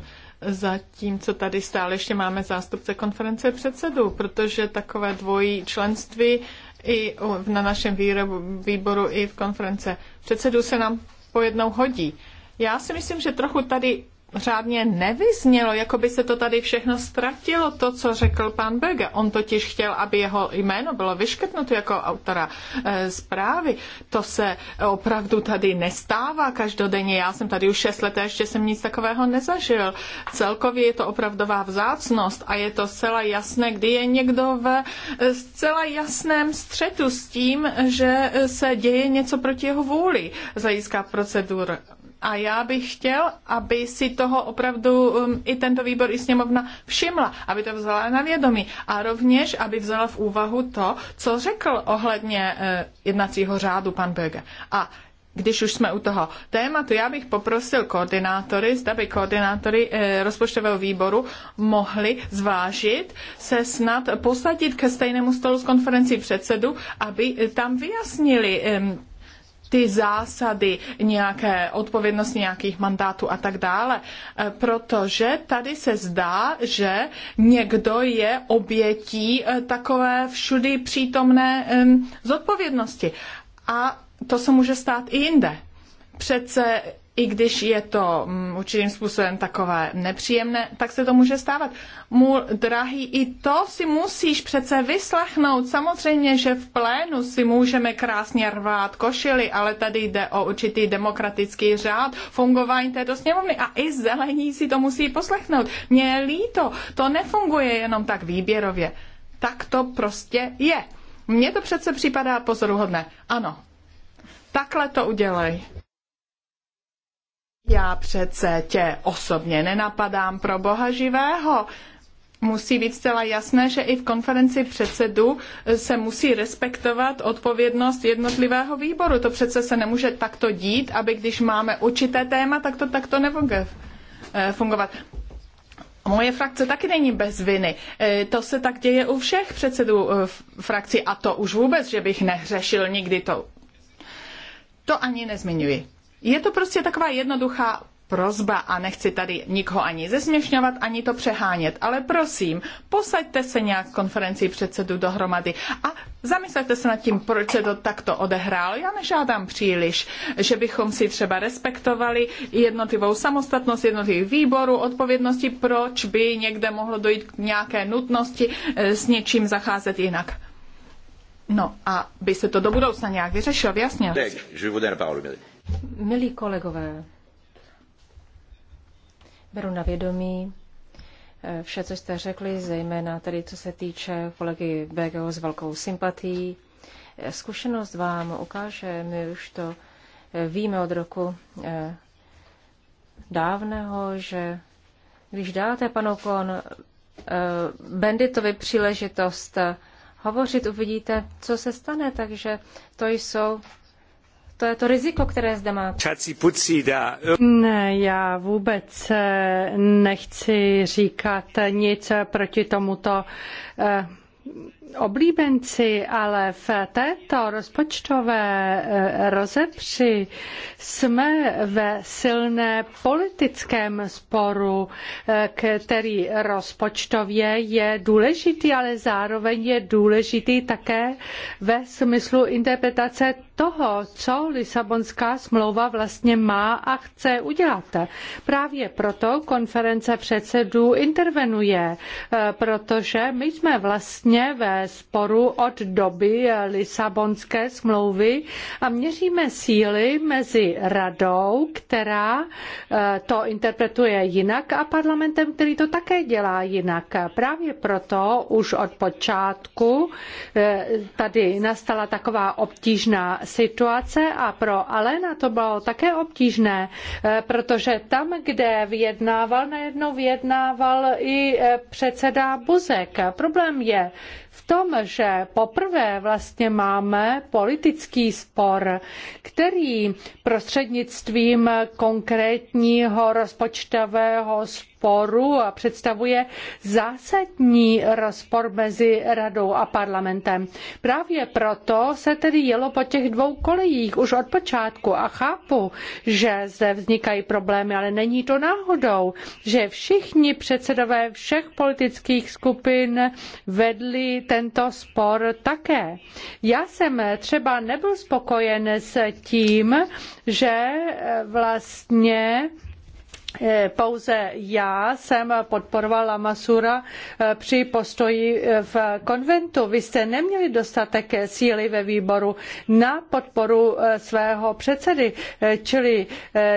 co tady stále ještě máme zástupce konference předsedů, protože takové dvojí členství i na našem výrobu, výboru, i v konference předsedů se nám pojednou hodí. Já si myslím, že trochu tady řádně nevyznělo, jako by se to tady všechno ztratilo, to, co řekl pan Böge. On totiž chtěl, aby jeho jméno bylo vyškrtnuto jako autora e, zprávy. To se opravdu tady nestává každodenně. Já jsem tady už šest let a ještě jsem nic takového nezažil. Celkově je to opravdová vzácnost a je to zcela jasné, kdy je někdo ve eh, zcela jasném střetu s tím, že eh, se děje něco proti jeho vůli z procedur a já bych chtěl, aby si toho opravdu um, i tento výbor, i sněmovna všimla, aby to vzala na vědomí. A rovněž, aby vzala v úvahu to, co řekl ohledně uh, jednacího řádu pan Böge. A když už jsme u toho tématu, já bych poprosil koordinátory, zda by koordinátory eh, rozpočtového výboru mohli zvážit se snad posadit ke stejnému stolu s konferencí předsedu, aby tam vyjasnili ty zásady nějaké odpovědnosti, nějakých mandátů a tak dále. Eh, protože tady se zdá, že někdo je obětí eh, takové všudy přítomné zodpovědnosti. A to se může stát i jinde. Přece i když je to mm, určitým způsobem takové nepříjemné, tak se to může stávat. Mů, drahý, i to si musíš přece vyslechnout. Samozřejmě, že v plénu si můžeme krásně rvát košily, ale tady jde o určitý demokratický řád, fungování této sněmovny a i zelení si to musí poslechnout. Mně je líto, to nefunguje jenom tak výběrově. Tak to prostě je. Mně to přece připadá pozoruhodné. Ano, takhle to udělej já přece tě osobně nenapadám pro boha živého. Musí být zcela jasné, že i v konferenci předsedu se musí respektovat odpovědnost jednotlivého výboru. To přece se nemůže takto dít, aby když máme určité téma, tak to takto nemůže eh, fungovat. Moje frakce taky není bez viny. Eh, to se tak děje u všech předsedů eh, frakcí a to už vůbec, že bych nehřešil nikdy to. To ani nezmiňuji. Je to prostě taková jednoduchá prozba a nechci tady nikoho ani zesměšňovat, ani to přehánět, ale prosím, posaďte se nějak konferenci předsedu dohromady a zamyslete se nad tím, proč se to takto odehrálo. Já nežádám příliš, že bychom si třeba respektovali jednotlivou samostatnost jednotlivých výborů, odpovědnosti, proč by někde mohlo dojít k nějaké nutnosti eh, s něčím zacházet jinak. No a by se to do budoucna nějak vyřešilo, jasně. Tak, je vous donne la parole, Milí kolegové, beru na vědomí eh, vše, co jste řekli, zejména tedy co se týče kolegy BGO s velkou sympatií. Eh, zkušenost vám ukáže, my už to eh, víme od roku dávného, že když dáte panu Kon Benditovi příležitost hovořit, uvidíte, co se stane. Takže to jsou to je to riziko, které zde má. Ne, já vůbec eh, nechci říkat eh, nic eh, proti tomuto oblíbenci, ale v této rozpočtové eh, rozepři jsme ve silné politickém sporu, eh, který rozpočtově je důležitý, ale zároveň je důležitý také ve smyslu interpretace toho, co Lisabonská smlouva vlastně má a chce udělat. Právě proto konference předsedů intervenuje, eh, protože my jsme vlastně ve sporu od doby Lisabonské smlouvy a měříme síly mezi radou, která eh, to interpretuje jinak a parlamentem, který to také dělá jinak. Právě proto už od počátku eh, tady nastala taková obtížná situace a pro Alena to bylo také obtížné, eh, protože tam, kde vyjednával, najednou vyjednával i předseda Buzek. Problém je, v tom, že poprvé vlastně máme politický spor, který prostřednictvím konkrétního rozpočtového sporu sporu představuje zásadní rozpor mezi radou a parlamentem. Právě proto se tedy jelo po těch dvou kolejích už od počátku a chápu, že zde vznikají problémy, ale není to náhodou, že všichni předsedové všech politických skupin vedli tento spor také. Já jsem třeba nebyl spokojen s tím, že vlastně pouze já jsem podporovala Masura eh, při postoji eh, v konventu. Vy jste neměli dostatek síly ve výboru na podporu eh, svého předsedy, čili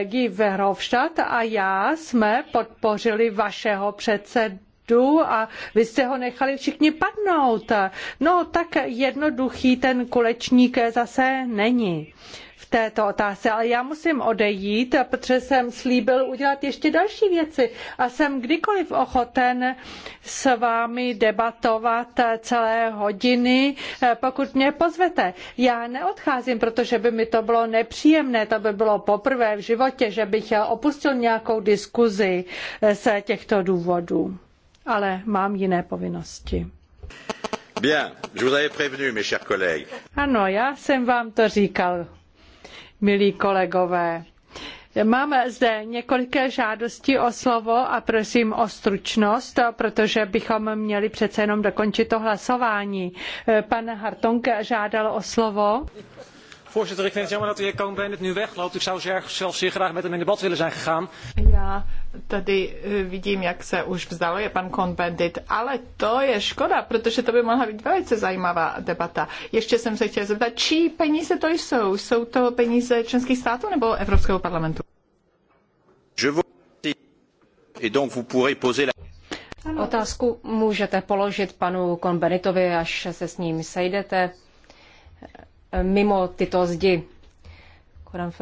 Guy Verhofstadt a já jsme podpořili vašeho předsedu a vy jste ho nechali všichni padnout. No tak jednoduchý ten kulečník zase není této otázce, ale já musím odejít, protože jsem slíbil udělat ještě další věci a jsem kdykoliv ochoten s vámi debatovat celé hodiny, pokud mě pozvete. Já neodcházím, protože by mi to bylo nepříjemné, to by bylo poprvé v životě, že bych opustil nějakou diskuzi z těchto důvodů. Ale mám jiné povinnosti. Bien, je vous avais prévenu, mes chers collègues. Ano, já jsem vám to říkal, milí kolegové. Mám zde několik žádostí o slovo a prosím o stručnost, protože bychom měli přece jenom dokončit to hlasování. Pan Hartong žádal o slovo. Voorzitter, ik vind het jammer dat de heer Cohn-Bendit nu wegloopt. Ik zou zelf zeer graag met hem in debat willen zijn gegaan. Ja, Tady eh, vidím, jak se už je pan Konbendit, ale to je škoda, protože to by mohla být velice zajímavá debata. Ještě jsem se chtěla zeptat, čí peníze to jsou? Jsou to peníze členských států nebo Evropského parlamentu? Otázku můžete položit panu Konbenitovi, až se s ním sejdete eh, mimo tyto zdi. Koran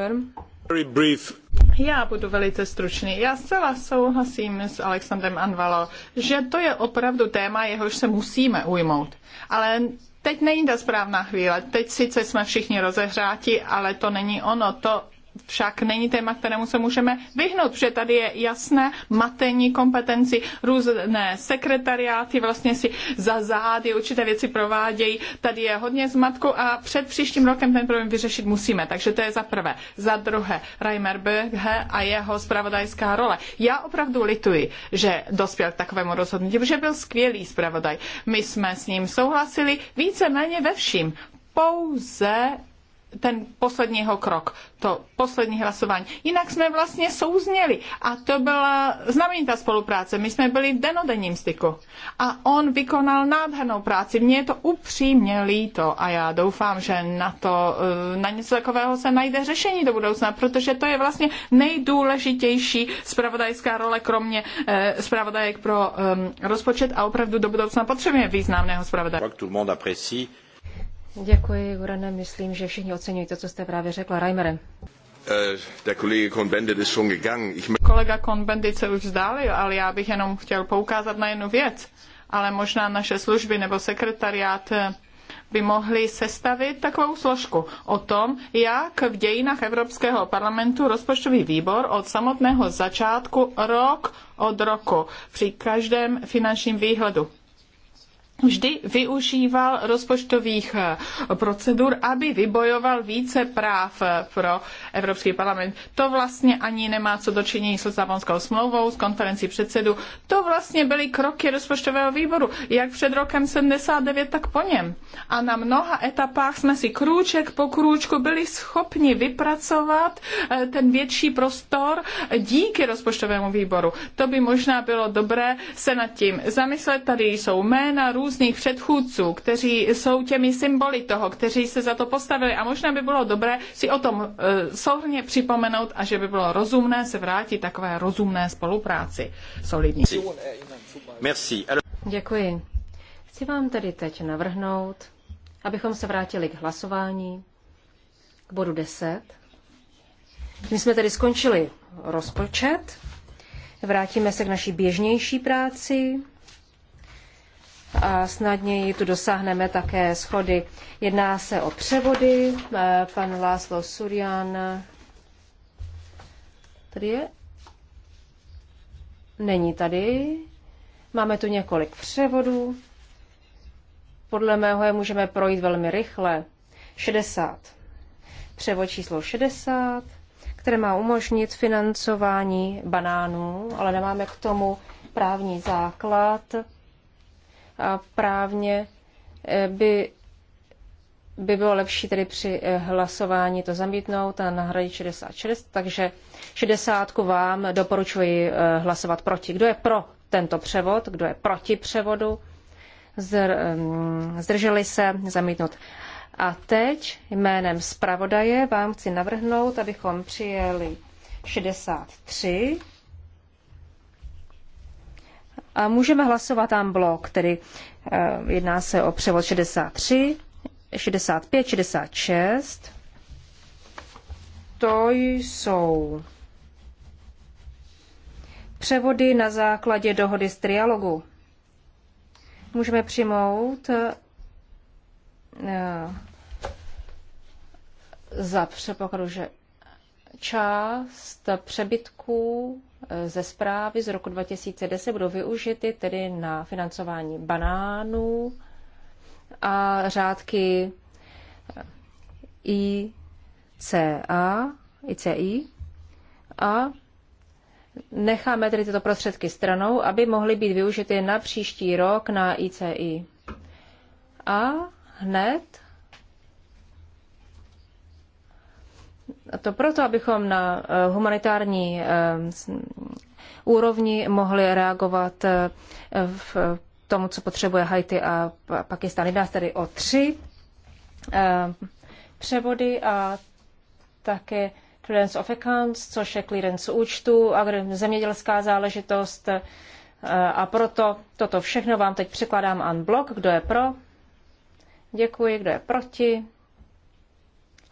já budu velice stručný. Já zcela souhlasím s Alexandrem Anvalo, že to je opravdu téma, jehož se musíme ujmout. Ale teď není ta správná chvíle. Teď sice jsme všichni rozehřáti, ale to není ono. To však není téma, kterému se můžeme vyhnout, protože tady je jasné matení kompetenci, různé sekretariáty vlastně si za zády určité věci provádějí. Tady je hodně zmatku a před příštím rokem ten problém vyřešit musíme. Takže to je za prvé. Za druhé, Reimer Böge a jeho spravodajská role. Já opravdu lituji, že dospěl k takovému rozhodnutí, protože byl skvělý spravodaj. My jsme s ním souhlasili víceméně ve vším pouze ten posledního krok, to poslední hlasování. Jinak jsme vlastně souzněli a to byla znamenitá spolupráce. My jsme byli v denodenním styku a on vykonal nádhernou práci. Mně je to upřímně líto a já doufám, že na to, eh, na něco takového se najde řešení do budoucna, protože to je vlastně nejdůležitější spravodajská role, kromě eh, spravodajek pro eh, rozpočet a opravdu do budoucna potřebujeme významného spravodaje. Děkuji, Gorane. Myslím, že všichni oceňují to, co jste právě řekla. Reimere. Eh, Kolega Kohn-Bendit se už vzdálil, ale já bych jenom chtěl poukázat na jednu věc. Ale možná naše služby nebo sekretariát eh, by mohli sestavit takovou složku o tom, jak v dějinách Evropského parlamentu rozpočtový výbor od samotného začátku rok od roku při každém finančním výhledu vždy využíval rozpočtových eh, procedur, aby vybojoval více práv eh, pro Evropský parlament. To vlastně ani nemá co dočinění s Lisabonskou smlouvou, s konferencí předsedů. To vlastně byly kroky rozpočtového výboru, jak před rokem 79, tak po něm. A na mnoha etapách jsme si krůček po krůčku byli schopni vypracovat eh, ten větší prostor díky rozpočtovému výboru. To by možná bylo dobré se nad tím zamyslet. Tady jsou jména, různých předchůdců, kteří jsou těmi symboly toho, kteří se za to postavili a možná by bylo dobré si o tom e, souhrně připomenout a že by bylo rozumné se vrátit takové rozumné spolupráci solidní. Merci. Děkuji. Chci vám tedy teď navrhnout, abychom se vrátili k hlasování, k bodu 10. My jsme tedy skončili rozpočet, vrátíme se k naší běžnější práci, a snadněji tu dosáhneme také schody. Jedná se o převody. Eh, pan Láslo Surian tady je? Není tady. Máme tu několik převodů. Podle mého je můžeme projít velmi rychle. 60. Převod číslo 60, které má umožnit financování banánů, ale nemáme k tomu právní základ a právně eh, by, by bylo lepší tedy při eh, hlasování to zamítnout a nahradit 66, takže 60 vám doporučuji eh, hlasovat proti. Kdo je pro tento převod, kdo je proti převodu, mm, zdrželi se zamítnout. A teď jménem zpravodaje vám chci navrhnout, abychom přijeli 63 a můžeme hlasovat tam blok, tedy eh, jedná se o převod 63, 65, 66. To jsou převody na základě dohody z trialogu. Můžeme přijmout eh, za předpokladu, že část přebytků ze zprávy z roku 2010 budou využity tedy na financování banánů a řádky ICA, ICI a necháme tedy tyto prostředky stranou, aby mohly být využity na příští rok na ICI. A hned A to proto, abychom na eh, humanitární eh, úrovni mohli reagovat eh, v tomu, co potřebuje Haiti a Pakistan. Jedná se tedy o tři převody a také clearance of accounts, což je clearance účtu, a zemědělská záležitost. A proto toto všechno vám teď překládám unblock. Kdo je pro? Děkuji. Kdo je proti?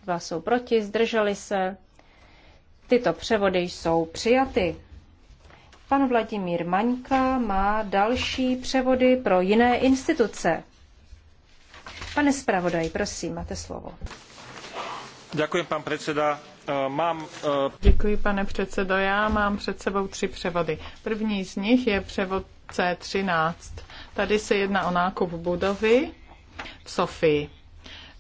dva jsou proti, zdrželi se. Tyto převody jsou přijaty. Pan Vladimír Maňka má další převody pro jiné instituce. Pane zpravodaj, prosím, máte slovo. Děkuji, pan předseda. Eh, mám, uh... Děkuji, pane předsedo. Já mám před sebou tři převody. První z nich je převod C13. Tady se jedná o nákup budovy v Sofii.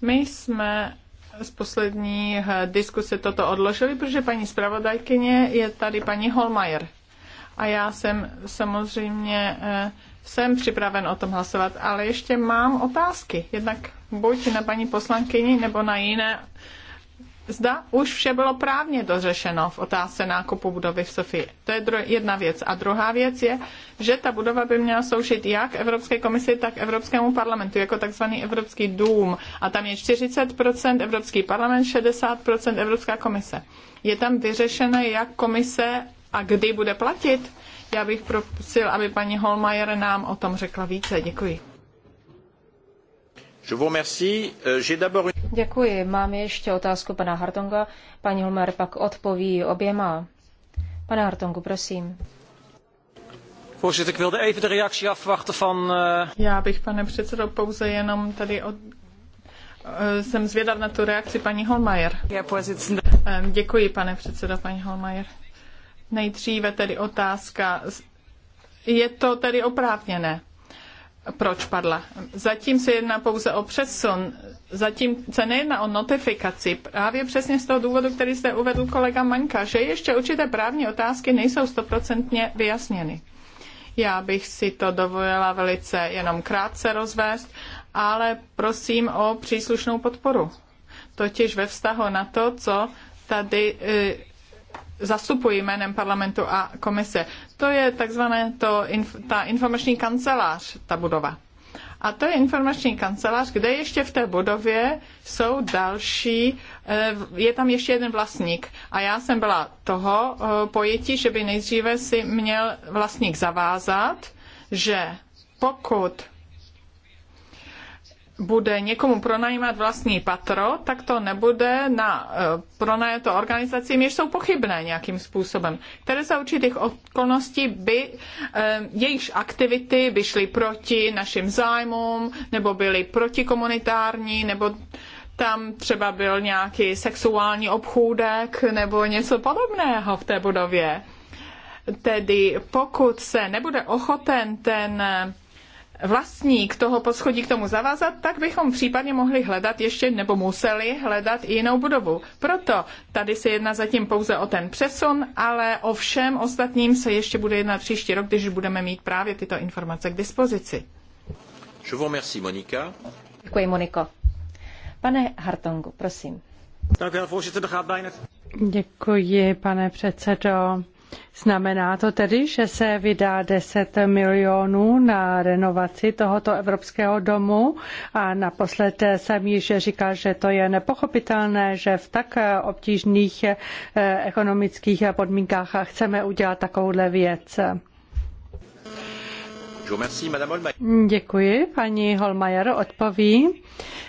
My jsme z poslední eh, diskuse toto odložili, protože paní zpravodajkyně je tady paní Holmajer. A já jsem samozřejmě eh, jsem připraven o tom hlasovat, ale ještě mám otázky. Jednak buď na paní poslankyni nebo na jiné zda už vše bylo právně dořešeno v otázce nákupu budovy v Sofii. To je jedna věc. A druhá věc je, že ta budova by měla sloužit jak Evropské komisi, tak Evropskému parlamentu, jako takzvaný Evropský dům. A tam je 40% Evropský parlament, 60% Evropská komise. Je tam vyřešené, jak komise a kdy bude platit? Já bych prosil, aby paní Holmajer nám o tom řekla více. Děkuji. Euh, děkuji. Mám ještě otázku pana Hartonga. Paní Holmer pak odpoví oběma. Pane Hartongu, prosím. Voorzitter, ik wilde even de reactie afwachten van... Eh, Já bych, pane předsedo, pouze jenom tady od... Eh, jsem zvědav na tu reakci paní Holmeier. Děkuji, pane předsedo, paní Holmeier. Nejdříve tedy otázka. Je to tedy oprávněné? proč padla. Zatím se jedná pouze o přesun, zatím se nejedná o notifikaci. Právě přesně z toho důvodu, který zde uvedl kolega Manka, že ještě určité právní otázky nejsou stoprocentně vyjasněny. Já bych si to dovolila velice jenom krátce rozvést, ale prosím o příslušnou podporu. Totiž ve vztahu na to, co tady eh, zastupuji jménem parlamentu a komise. To je takzvané to, ta informační kancelář, ta budova. A to je informační kancelář, kde ještě v té budově jsou další, eh, je tam ještě jeden vlastník. A já jsem byla toho eh, pojetí, že by nejdříve si měl vlastník zavázat, že pokud bude někomu pronajímat vlastní patro, tak to nebude na eh, pronajeto organizacím, jež jsou pochybné nějakým způsobem, které za určitých okolností by, eh, jejichž aktivity by šly proti našim zájmům, nebo byly protikomunitární, nebo tam třeba byl nějaký sexuální obchůdek nebo něco podobného v té budově. Tedy pokud se nebude ochoten ten vlastník toho poschodí k tomu zavázat, tak bychom případně mohli hledat ještě nebo museli hledat i jinou budovu. Proto tady se jedná zatím pouze o ten přesun, ale o všem ostatním se ještě bude jednat příští rok, když budeme mít právě tyto informace k dispozici. Je vous remercie, Monika. Děkuji, Moniko. Pane Hartongu, prosím. Děkuji, pane předsedo. Znamená to tedy, že se vydá 10 milionů na renovaci tohoto Evropského domu a naposled jsem již říkal, že to je nepochopitelné, že v tak obtížných eh, ekonomických podmínkách chceme udělat takovouhle věc. Děkuji, paní Holmajer odpoví.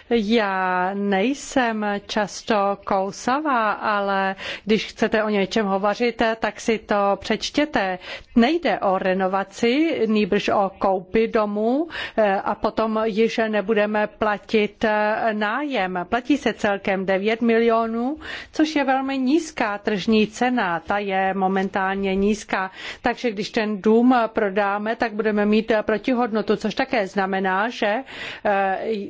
Já nejsem často kousavá, ale když chcete o něčem hovořit, tak si to přečtěte. Nejde o renovaci, nýbrž o koupi domu eh, a potom již nebudeme platit eh, nájem. Platí se celkem 9 milionů, což je velmi nízká tržní cena. Ta je momentálně nízká, takže když ten dům prodáme, tak budeme mít eh, protihodnotu, což také znamená, že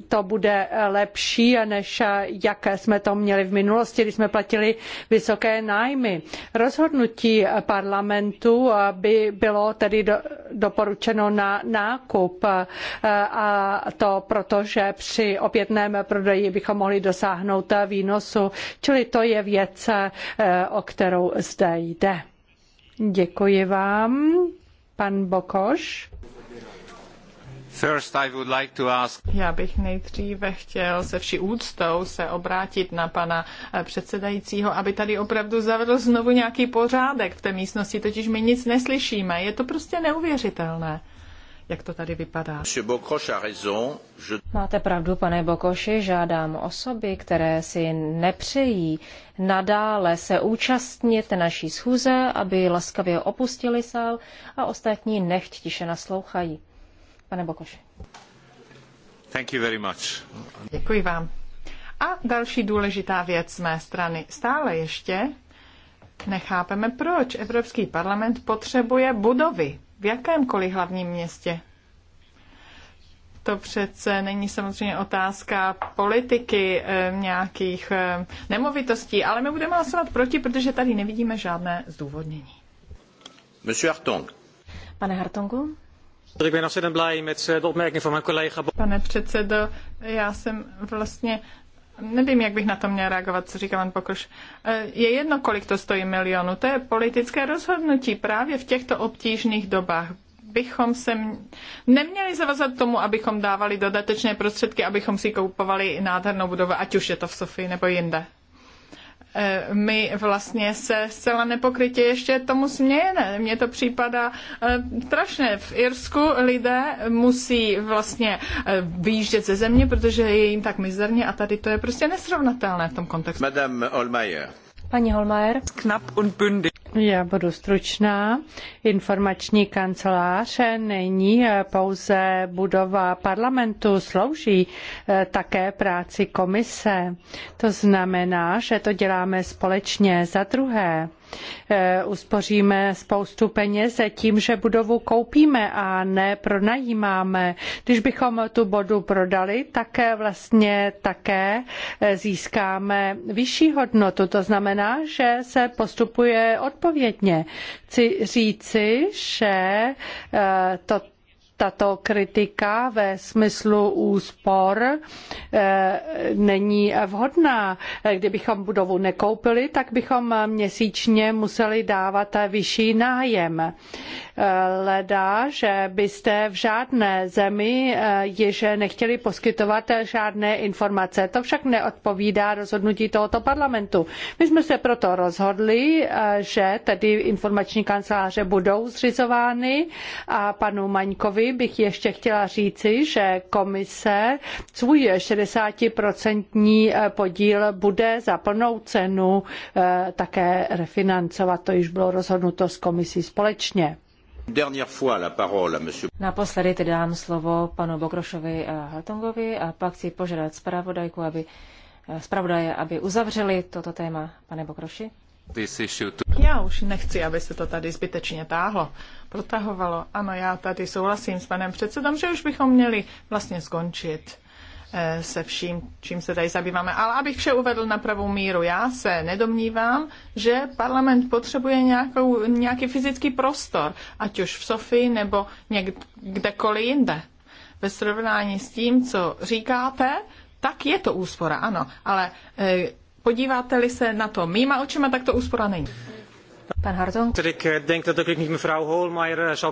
to bude bude lepší, než jak jsme to měli v minulosti, kdy jsme platili vysoké nájmy. Rozhodnutí parlamentu by bylo tedy doporučeno na nákup a to proto, že při opětném prodeji bychom mohli dosáhnout výnosu, čili to je věc, o kterou zde jde. Děkuji vám. Pan Bokoš. Já bych nejdříve chtěl se vší úctou se obrátit na pana eh, předsedajícího, aby tady opravdu zavedl znovu nějaký pořádek v té místnosti, totiž my nic neslyšíme. Je to prostě neuvěřitelné jak to tady vypadá. Máte pravdu, pane Bokoši, žádám osoby, které si nepřejí nadále se účastnit naší schůze, aby laskavě opustili sál a ostatní nechť tiše naslouchají. Pane Bokoši. Thank you very much. Děkuji vám. A další důležitá věc z mé strany. Stále ještě nechápeme, proč Evropský parlament potřebuje budovy v jakémkoliv hlavním městě. To přece není samozřejmě otázka politiky e, nějakých e, nemovitostí, ale my budeme hlasovat proti, protože tady nevidíme žádné zdůvodnění. Monsieur Hartong. Pane Hartongu? Eh, Pane předsedo, já jsem vlastně Nevím, jak bych na to měl reagovat, co říká pan Pokrš. Eh, je jedno, kolik to stojí milionů. To je politické rozhodnutí právě v těchto obtížných dobách bychom se neměli zavazat k tomu, abychom dávali dodatečné prostředky, abychom si koupovali nádhernou budovu, ať už je to v Sofii nebo jinde. Eh, my vlastně se zcela nepokrytě ještě tomu smějeme. Mně to připadá eh, strašné. V Irsku lidé musí vlastně eh, vyjíždět ze země, protože je jim tak mizerně a tady to je prostě nesrovnatelné v tom kontextu. Madame Holmeyer. Paní Holmeyer. Knap und bündig. Já budu stručná. Informační kancelář není pouze budova parlamentu, slouží eh, také práci komise. To znamená, že to děláme společně za druhé. Eh, uspoříme spoustu peněz tím, že budovu koupíme a ne pronajímáme. Když bychom tu bodu prodali, tak eh, vlastně také eh, získáme vyšší hodnotu. To znamená, že se postupuje odpovědně. Chci říci, že toto tato kritika ve smyslu úspor eh, není vhodná. Eh, kdybychom budovu nekoupili, tak bychom měsíčně museli dávat vyšší nájem. Eh, leda, že byste v žádné zemi již nechtěli poskytovat žádné informace. To však neodpovídá rozhodnutí tohoto parlamentu. My jsme se proto rozhodli, že tedy informační kanceláře budou zřizovány a panu Maňkovi Kovi bych ještě chtěla říci, že komise svůj 60% eh, podíl bude za plnou cenu eh, také refinancovat. To již bylo rozhodnuto s komisí společně. Naposledy tedy dám slovo panu Bokrošovi a eh, Hartongovi a pak chci požádat zpravodajku, aby zpravodaje, aby uzavřeli toto téma. Pane Bokroši? Já už nechci, aby se to tady zbytečně táhlo, protahovalo. Ano, já tady souhlasím s panem předsedom, že už bychom měli vlastně skončit eh, se vším, čím se tady zabýváme. Ale abych vše uvedl na pravou míru, já se nedomnívám, že parlament potřebuje nějakou, nějaký fyzický prostor, ať už v Sofii nebo někde, kdekoliv jinde. Ve srovnání s tím, co říkáte, tak je to úspora, ano. Ale e, podíváte-li se na to mýma očima, tak to úspora není. Pan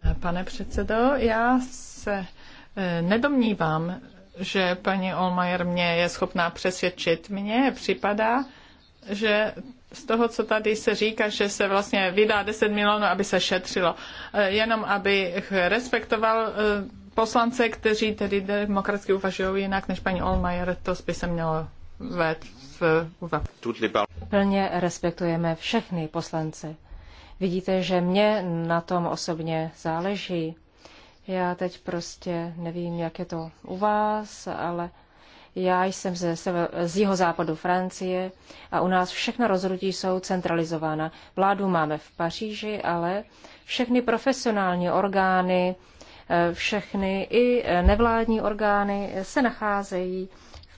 eh, Pane předsedo, já se eh, nedomnívám, že paní Olmayer mě je schopná přesvědčit. Mně připadá, že z toho, co tady se říká, že se vlastně vydá 10 milionů, aby se šetřilo. Eh, jenom abych respektoval poslance, kteří tedy demokraticky uvažují jinak než paní Olmayer, to by se mělo vést v úvahu. Plně respektujeme všechny poslance. Vidíte, že mě na tom osobně záleží. Já teď prostě nevím, jak je to u vás, ale já jsem ze, z jeho západu Francie a u nás všechna rozhodnutí jsou centralizována. Vládu máme v Paříži, ale všechny profesionální orgány, eh, všechny i eh, nevládní orgány se nacházejí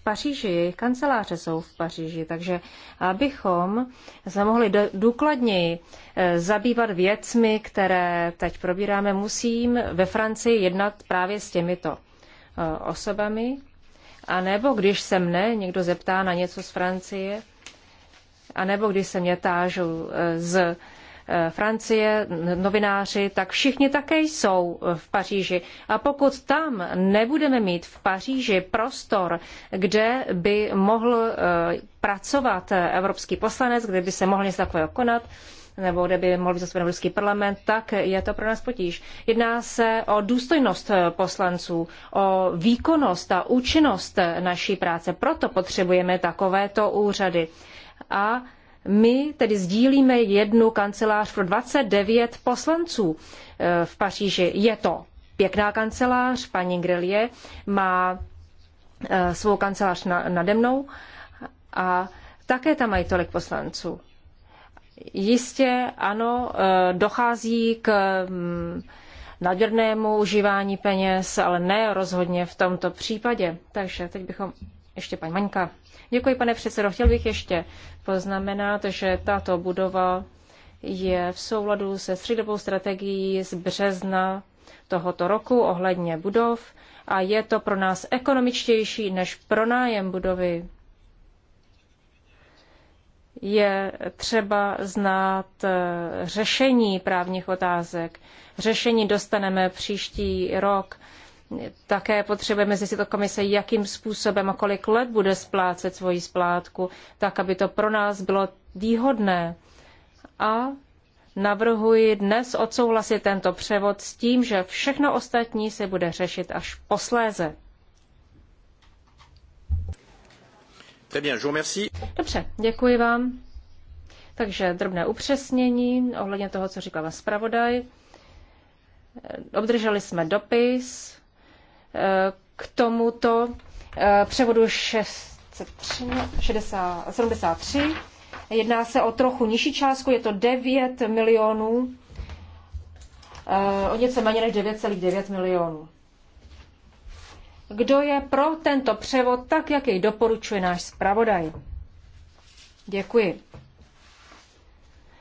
v Paříži, jejich kanceláře jsou v Paříži, takže abychom se mohli důkladněji eh, zabývat věcmi, které teď probíráme, musím ve Francii jednat právě s těmito eh, osobami. A nebo když se mne někdo zeptá na něco z Francie, a nebo když se mě tážou eh, z Eh, Francie, novináři, tak všichni také jsou v Paříži. A pokud tam nebudeme mít v Paříži prostor, kde by mohl eh, pracovat evropský poslanec, kde by se mohl něco takového konat, nebo kde by mohl být zastoupen Evropský parlament, tak je to pro nás potíž. Jedná se o důstojnost poslanců, o výkonnost a účinnost naší práce. Proto potřebujeme takovéto úřady. A my tedy sdílíme jednu kancelář pro 29 poslanců eh, v Paříži. Je to pěkná kancelář, paní Grelie má eh, svou kancelář na, nade mnou a také tam mají tolik poslanců. Jistě ano, eh, dochází k mm, nadměrnému užívání peněz, ale ne rozhodně v tomto případě. Takže teď bychom ještě paní Maňka. Děkuji, pane předsedo. Chtěl bych ještě poznamenat, že tato budova je v souladu se střídovou strategií z března tohoto roku ohledně budov a je to pro nás ekonomičtější než pronájem budovy. Je třeba znát eh, řešení právních otázek. Řešení dostaneme příští rok také potřebujeme zjistit od komise, jakým způsobem a kolik let bude splácet svoji splátku, tak aby to pro nás bylo výhodné. A navrhuji dnes odsouhlasit tento převod s tím, že všechno ostatní se bude řešit až posléze. Dobře, děkuji vám. Takže drobné upřesnění ohledně toho, co říkal zpravodaj. Obdrželi jsme dopis k tomuto eh, převodu 673. Jedná se o trochu nižší částku, je to 9 milionů, eh, o něco méně než 9,9 milionů. Kdo je pro tento převod tak, jak jej doporučuje náš zpravodaj? Děkuji.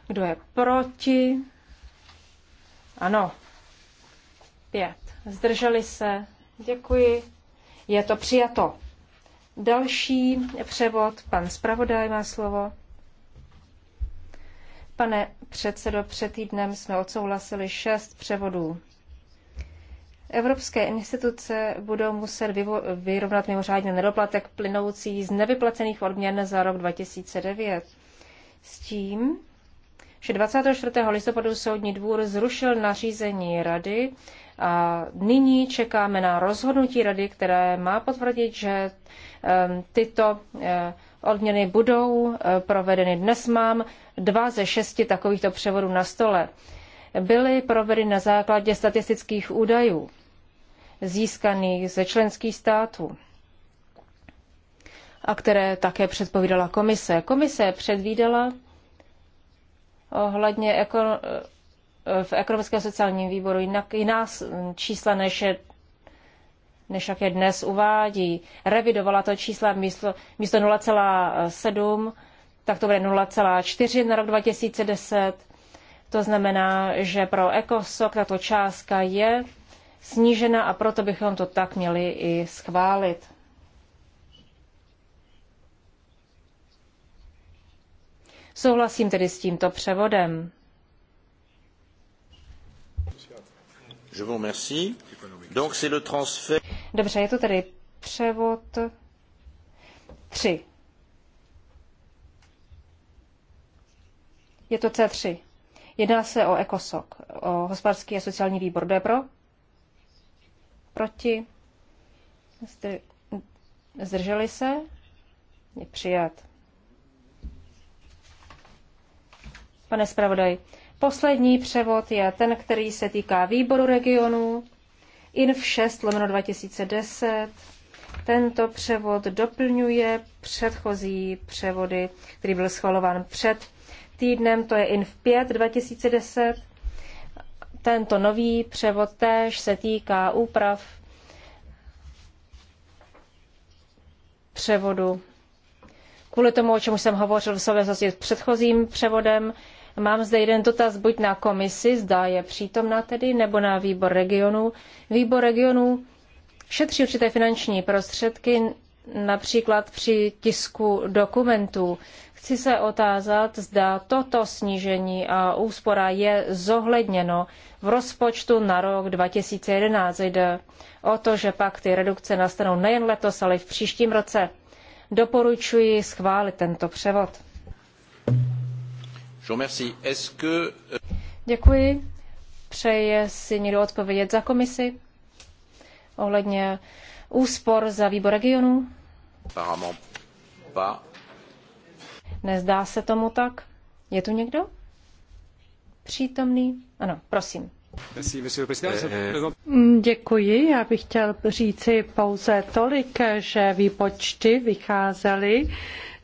Kdo je proti? Ano. Pět. Zdrželi se? Děkuji. Je to přijato. Další převod, pan zpravodaj má slovo. Pane předsedo, před týdnem jsme odsouhlasili šest převodů. Evropské instituce budou muset vyrovnat mimořádně nedoplatek plynoucí z nevyplacených odměn za rok 2009. S tím, že 24. listopadu Soudní dvůr zrušil nařízení Rady a nyní čekáme na rozhodnutí rady, které má potvrdit, že ehm, tyto eh, odměny budou eh, provedeny. Dnes mám dva ze šesti takovýchto převodů na stole. Byly provedeny na základě statistických údajů získaných ze členských států a které také předpovídala komise. Komise předvídala ohledně v ekonomickém sociálním výboru jinak, jiná čísla, než, je, než jak je dnes uvádí. Revidovala to čísla místo, místo 0,7, tak to bude 0,4 na rok 2010. To znamená, že pro ECOSOC tato částka je snížena a proto bychom to tak měli i schválit. Souhlasím tedy s tímto převodem. Je vous remercie. Donc c'est le transfert. Dobře, je to tedy převod 3. Je to C3. Jedná se o ECOSOC, o hospodářský a sociální výbor. Kdo je pro? Proti? Zdrželi se? Je přijat. Pane zpravodaj, Poslední převod je ten, který se týká výboru regionů, INF 6 lomeno 2010. Tento převod doplňuje předchozí převody, který byl schvalován před týdnem, to je INF 5 2010. Tento nový převod též se týká úprav převodu. Kvůli tomu, o čem jsem hovořil v souvislosti s předchozím převodem, Mám zde jeden dotaz buď na komisi, zda je přítomná tedy, nebo na výbor regionů. Výbor regionů šetří určité finanční prostředky, například při tisku dokumentů. Chci se otázat, zda toto snížení a úspora je zohledněno v rozpočtu na rok 2011. Jde o to, že pak ty redukce nastanou nejen letos, ale i v příštím roce. Doporučuji schválit tento převod. Euh, děkuji. Přeje si někdo odpovědět za komisi ohledně úspor za výbor regionů? Nezdá se tomu tak. Je tu někdo? Přítomný? Ano, prosím. Eh, eh. Mm, děkuji. Já bych chtěl říci pouze tolik, že výpočty vycházely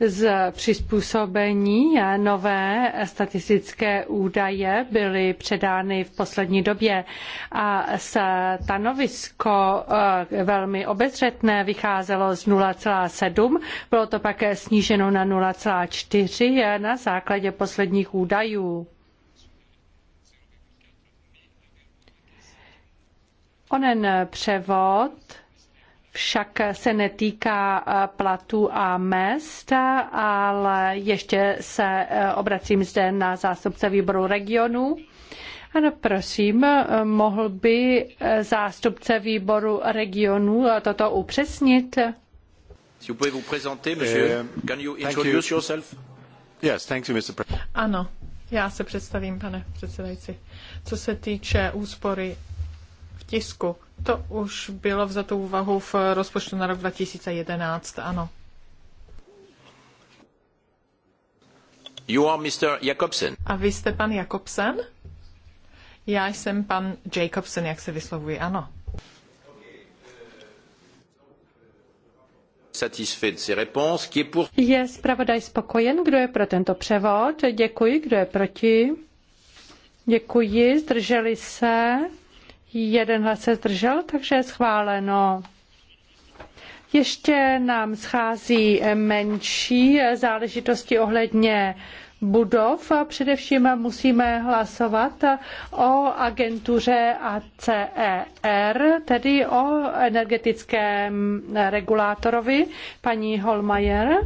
z přizpůsobení nové statistické údaje byly předány v poslední době a stanovisko eh, velmi obezřetné vycházelo z 0,7, bylo to pak sníženo na 0,4 eh, na základě posledních údajů. Onen převod však se netýká eh, platů a mest, ale ještě se eh, obracím zde na zástupce výboru regionu. Ano, prosím, eh, mohl by zástupce výboru regionu toto upřesnit? you Yes, thank you, Mr. President. Ano, já se představím, pane předsedající. Co se týče úspory tisku. To už bylo vzato úvahu v rozpočtu na rok 2011, ano. You are Mr. Jakobsen. A vy jste pan Jakobsen? Já jsem pan Jacobsen, jak se vyslovuje, ano. Je zpravodaj spokojen, kdo je pro tento převod? Děkuji, kdo je proti? Děkuji, zdrželi se. Jeden hlas se zdržel, takže je schváleno. Ještě nám schází menší záležitosti ohledně budov. Především musíme hlasovat o agentuře ACER, tedy o energetickém regulátorovi, paní Holmajer.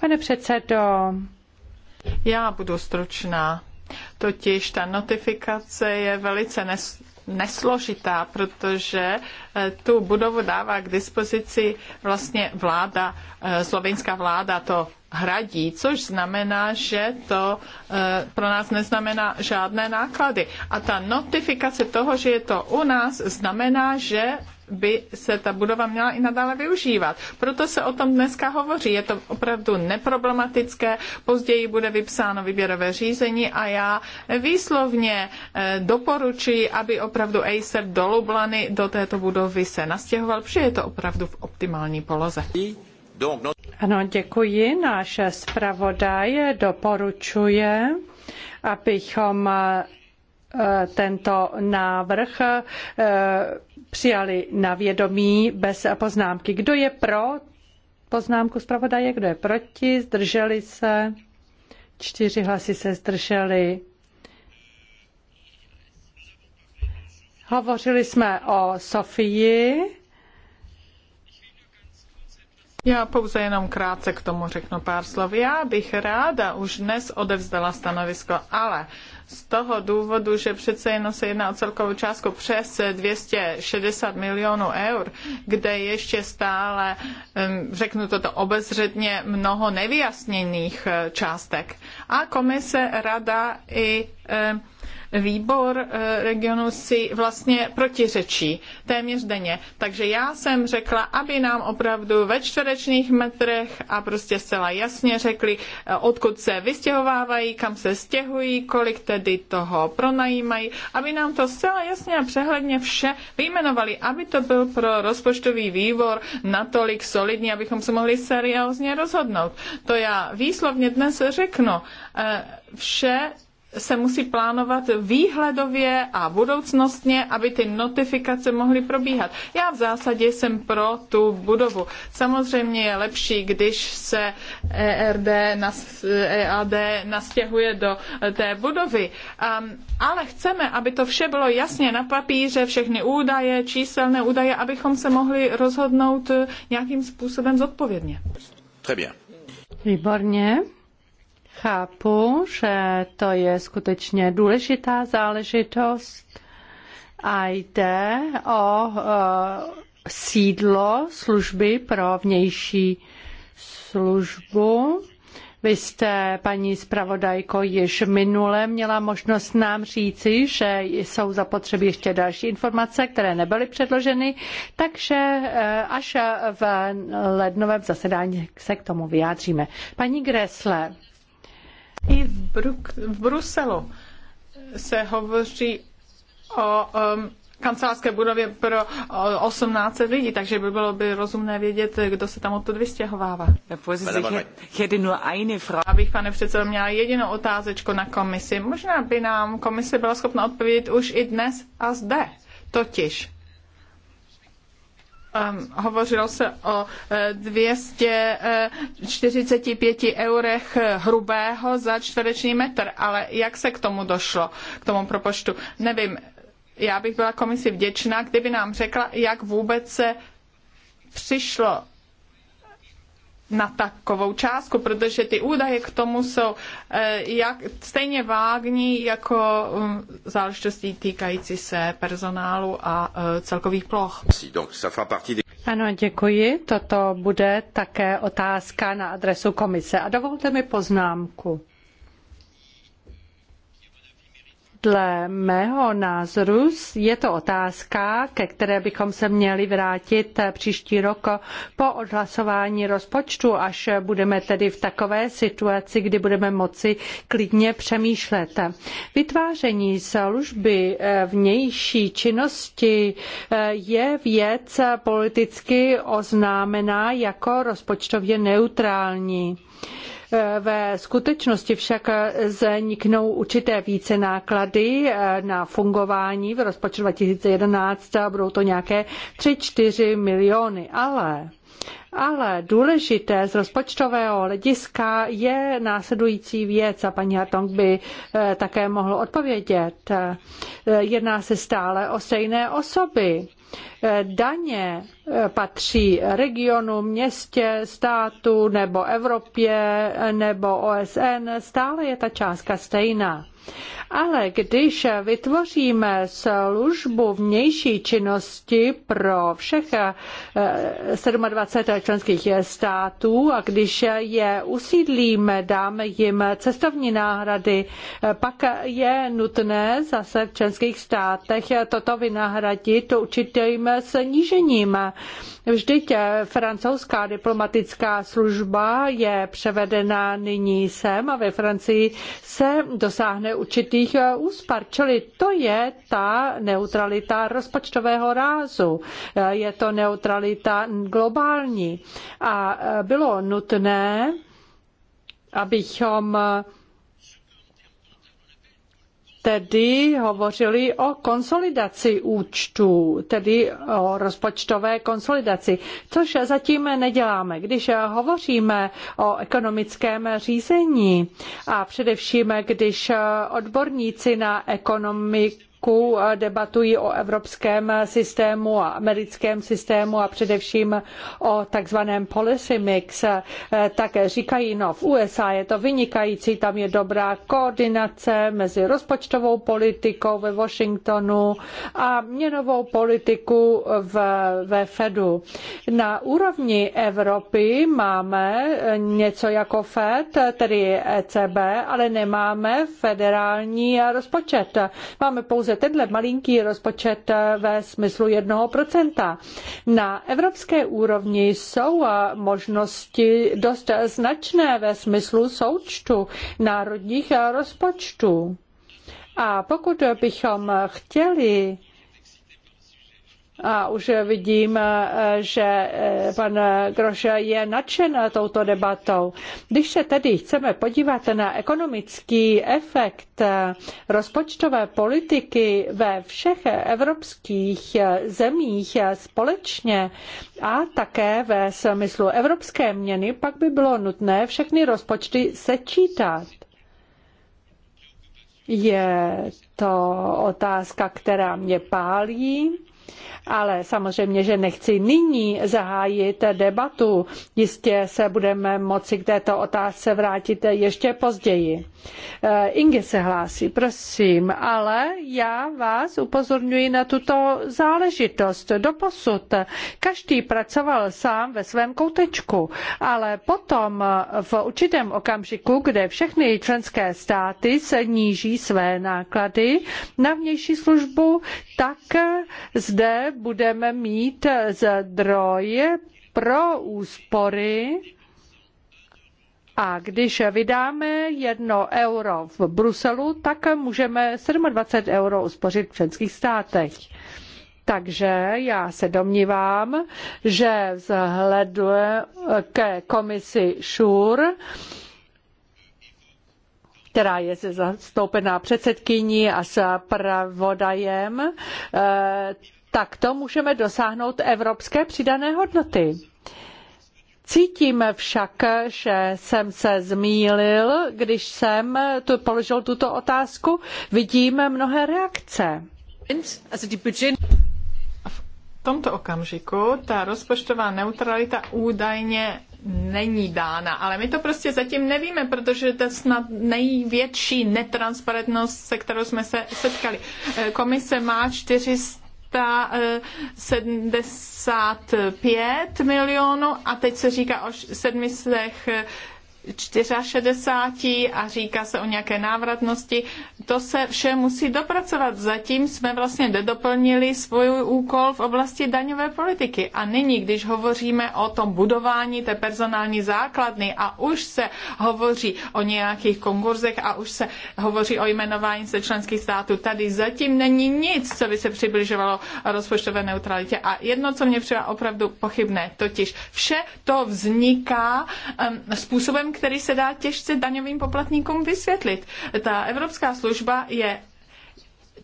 Pane předsedo. Já budu stručná. Totiž ta notifikace je velice nes- nesložitá, protože eh, tu budovu dává k dispozici vlastně vláda, eh, slovenská vláda to hradí, což znamená, že to eh, pro nás neznamená žádné náklady. A ta notifikace toho, že je to u nás, znamená, že by se ta budova měla i nadále využívat. Proto se o tom dneska hovoří. Je to opravdu neproblematické. Později bude vypsáno výběrové řízení a já výslovně eh, doporučuji, aby opravdu Acer do Lublany, do této budovy se nastěhoval, protože je to opravdu v optimální poloze. Ano, děkuji. Náš zpravodaj doporučuje, abychom eh, tento návrh eh, přijali na vědomí bez poznámky. Kdo je pro poznámku zpravodaje, kdo je proti, zdrželi se, čtyři hlasy se zdrželi. Hovořili jsme o Sofii. Já pouze jenom krátce k tomu řeknu pár slov. Já bych ráda už dnes odevzdala stanovisko, ale z toho důvodu, že přece jenom se jedná o celkovou částku přes 260 milionů eur, kde ještě stále, řeknu toto obezřetně, mnoho nevyjasněných eh, částek. A komise, rada i výbor eh, regionu si vlastně protiřečí téměř denně. Takže já jsem řekla, aby nám opravdu ve čtverečných metrech a prostě zcela jasně řekli, eh, odkud se vystěhovávají, kam se stěhují, kolik tedy toho pronajímají, aby nám to zcela jasně a přehledně vše vyjmenovali, aby to byl pro rozpočtový výbor natolik solidní, abychom se mohli seriózně rozhodnout. To já výslovně dnes řeknu. Eh, vše se musí plánovat výhledově a budoucnostně, aby ty notifikace mohly probíhat. Já v zásadě jsem pro tu budovu. Samozřejmě je lepší, když se ERD, nas, EAD nastěhuje do e, té budovy, um, ale chceme, aby to vše bylo jasně na papíře, všechny údaje, číselné údaje, abychom se mohli rozhodnout e, nějakým způsobem zodpovědně. Výborně. Chápu, že to je skutečně důležitá záležitost a jde o e, sídlo služby pro vnější službu. Vy jste, paní zpravodajko, již minule měla možnost nám říci, že jsou zapotřebí ještě další informace, které nebyly předloženy, takže e, až v lednovém zasedání se k tomu vyjádříme. Paní Gresle, i v, Bruk- v Bruselu se hovoří o um, kancelářské budově pro 18 lidí, takže by bylo by rozumné vědět, kdo se tam odtud vystěhovává. Abych, pane předsedo, měla jedinou otázečku na komisi. Možná by nám komise byla schopna odpovědět už i dnes a zde. Totiž, Ehm, hovořilo se o 245 eh, eh, eurech eh, hrubého za čtvereční metr, ale jak se k tomu došlo, k tomu propočtu? Nevím, já bych byla komisi vděčná, kdyby nám řekla, jak vůbec se přišlo na takovou částku, protože ty údaje k tomu jsou eh, jak, stejně vágní jako mm, záležitosti týkající se personálu a eh, celkových ploch. Ano, děkuji. Toto bude také otázka na adresu komise. A dovolte mi poznámku. Dle mého názoru je to otázka, ke které bychom se měli vrátit příští rok po odhlasování rozpočtu, až budeme tedy v takové situaci, kdy budeme moci klidně přemýšlet. Vytváření služby vnější činnosti je věc politicky oznámená jako rozpočtově neutrální. Eh, ve skutečnosti však zniknou určité více náklady eh, na fungování v rozpočtu 2011 a budou to nějaké 3-4 miliony, ale ale důležité z rozpočtového hlediska je následující věc a paní Hartong by eh, také mohl odpovědět. Jedná se stále o stejné osoby. Eh, daně eh, patří regionu, městě, státu nebo Evropě eh, nebo OSN, stále je ta částka stejná. Ale když vytvoříme službu vnější činnosti pro všech 27 eh, členských států a když je usídlíme, dáme jim cestovní náhrady, eh, pak je nutné zase v členských státech toto vynahradit určitým snížením Vždyť eh, francouzská diplomatická služba je převedena nyní sem a ve Francii se dosáhne určitých eh, úspar, čili to je ta neutralita rozpočtového rázu. Eh, je to neutralita globální. A bylo nutné, abychom tedy hovořili o konsolidaci účtů, tedy o rozpočtové konsolidaci, což zatím neděláme. Když hovoříme o ekonomickém řízení a především, když odborníci na ekonomik roku eh, debatují o evropském systému a americkém systému a především o takzvaném policy mix, eh, tak říkají, no v USA je to vynikající, tam je dobrá koordinace mezi rozpočtovou politikou ve Washingtonu a měnovou politiku v, ve Fedu. Na úrovni Evropy máme něco jako Fed, tedy ECB, ale nemáme federální rozpočet. Máme pouze pouze tenhle malinký rozpočet eh, ve smyslu 1%. Na evropské úrovni jsou eh, možnosti dost značné ve smyslu součtu národních eh, rozpočtů. A pokud bychom chtěli a už vidím, eh, že eh, pan Groše je nadšen touto debatou. Když se tedy chceme podívat na ekonomický efekt eh, rozpočtové politiky ve všech evropských zemích společně a také ve smyslu evropské měny, pak by bylo nutné všechny rozpočty sečítat. Je to otázka, která mě pálí ale samozřejmě, že nechci nyní zahájit debatu. Jistě se budeme moci k této otázce vrátit ještě později. Eh, Inge se hlásí, prosím, ale já vás upozorňuji na tuto záležitost. Doposud každý pracoval sám ve svém koutečku, ale potom v určitém okamžiku, kde všechny členské státy se níží své náklady na vnější službu, tak zde budeme mít zdroj pro úspory a když vydáme jedno euro v Bruselu, tak můžeme 27 euro uspořit v členských státech. Takže já se domnívám, že vzhledu ke komisi ŠUR, která je zastoupená předsedkyní a s pravodajem, eh, takto můžeme dosáhnout evropské přidané hodnoty. Cítím však, že jsem se zmýlil, když jsem tu položil tuto otázku. Vidím mnohé reakce. V tomto okamžiku ta rozpočtová neutralita údajně není dána, ale my to prostě zatím nevíme, protože to je snad největší netransparentnost, se kterou jsme se setkali. Eh, komise má 400 375 milionů a teď se říká o 700 64 a říká se o nějaké návratnosti. To se vše musí dopracovat. Zatím jsme vlastně nedoplnili svůj úkol v oblasti daňové politiky. A nyní, když hovoříme o tom budování té personální základny a už se hovoří o nějakých konkurzech a už se hovoří o jmenování se členských států, tady zatím není nic, co by se přibližovalo rozpočtové neutralitě. A jedno, co mě přijde opravdu pochybné, totiž vše to vzniká um, způsobem, který se dá těžce daňovým poplatníkům vysvětlit. Ta evropská služba je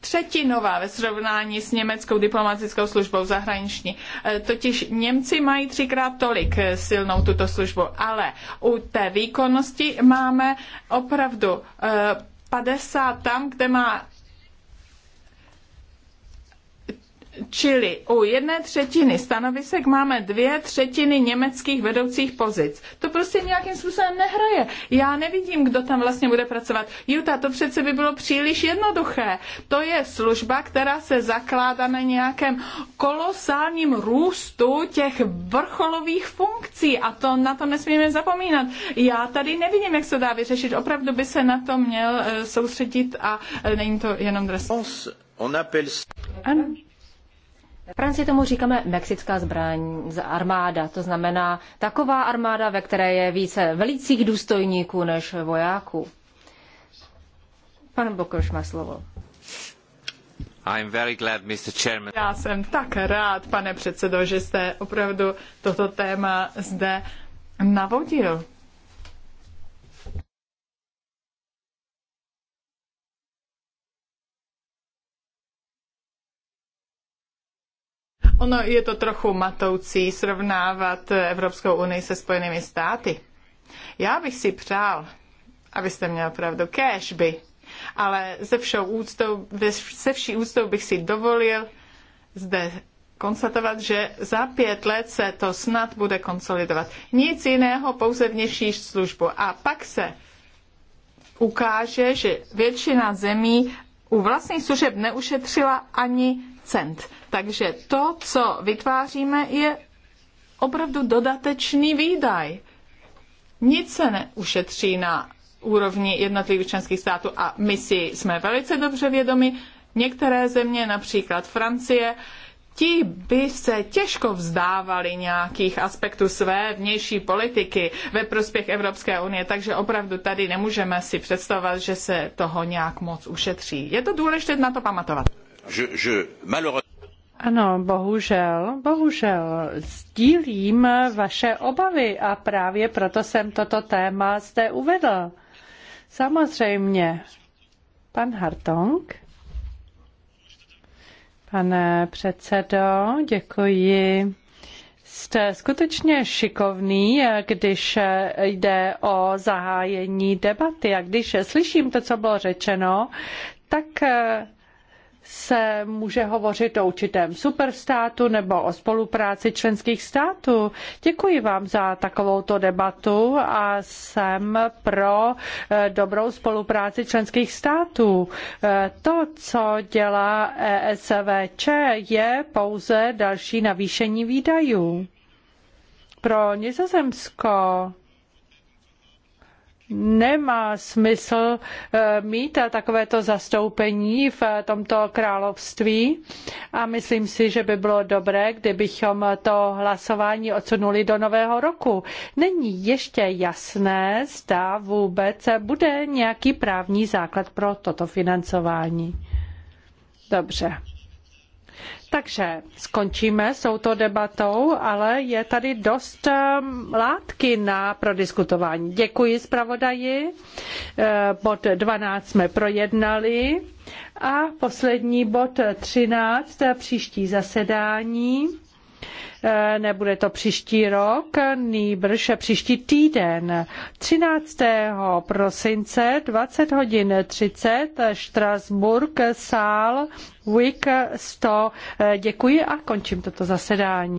třetinová ve srovnání s německou diplomatickou službou zahraniční. E, totiž Němci mají třikrát tolik e, silnou tuto službu, ale u té výkonnosti máme opravdu 50 e, tam, kde má Čili u jedné třetiny stanovisek máme dvě třetiny německých vedoucích pozic. To prostě nějakým způsobem nehraje. Já nevidím, kdo tam vlastně bude pracovat. Juta, to přece by bylo příliš jednoduché. To je služba, která se zakládá na nějakém kolosálním růstu těch vrcholových funkcí a to na to nesmíme zapomínat. Já tady nevidím, jak se dá vyřešit. Opravdu by se na to měl eh, soustředit a eh, není to jenom dres. Ano. V Francii tomu říkáme mexická zbraň, armáda, to znamená taková armáda, ve které je více velicích důstojníků než vojáků. Pan Bokroš má slovo. I'm very glad, Mr. Chairman. Já jsem tak rád, pane předsedo, že jste opravdu toto téma zde navodil. Ono je to trochu matoucí srovnávat Evropskou unii se Spojenými státy. Já bych si přál, abyste měl pravdu, cash by, ale ze, všou úctou, ze vší úctou bych si dovolil zde konstatovat, že za pět let se to snad bude konsolidovat. Nic jiného, pouze vnější službu. A pak se ukáže, že většina zemí u vlastních služeb neušetřila ani takže to, co vytváříme, je opravdu dodatečný výdaj. Nic se neušetří na úrovni jednotlivých členských států a my si jsme velice dobře vědomi. Některé země, například Francie, ti by se těžko vzdávali nějakých aspektů své vnější politiky ve prospěch Evropské unie, takže opravdu tady nemůžeme si představovat, že se toho nějak moc ušetří. Je to důležité na to pamatovat. Ano, bohužel, bohužel sdílím vaše obavy a právě proto jsem toto téma zde uvedl. Samozřejmě. Pan Hartong. Pane předsedo, děkuji. Jste skutečně šikovný, když jde o zahájení debaty. A když slyším to, co bylo řečeno, tak se může hovořit o určitém superstátu nebo o spolupráci členských států. Děkuji vám za takovouto debatu a jsem pro eh, dobrou spolupráci členských států. Eh, to, co dělá ESVČ, je pouze další navýšení výdajů. Pro Nizozemsko nemá smysl eh, mít takovéto zastoupení v tomto království a myslím si, že by bylo dobré, kdybychom to hlasování odsunuli do nového roku. Není ještě jasné, zda vůbec bude nějaký právní základ pro toto financování. Dobře. Takže skončíme s touto debatou, ale je tady dost eh, látky na prodiskutování. Děkuji zpravodaji. Eh, bod 12 jsme projednali a poslední bod 13, eh, příští zasedání. Eh, nebude to příští rok, nýbrž příští týden. 13. prosince 20 hodin 30 Strasburg sál WIC 100. Eh, děkuji a končím toto zasedání.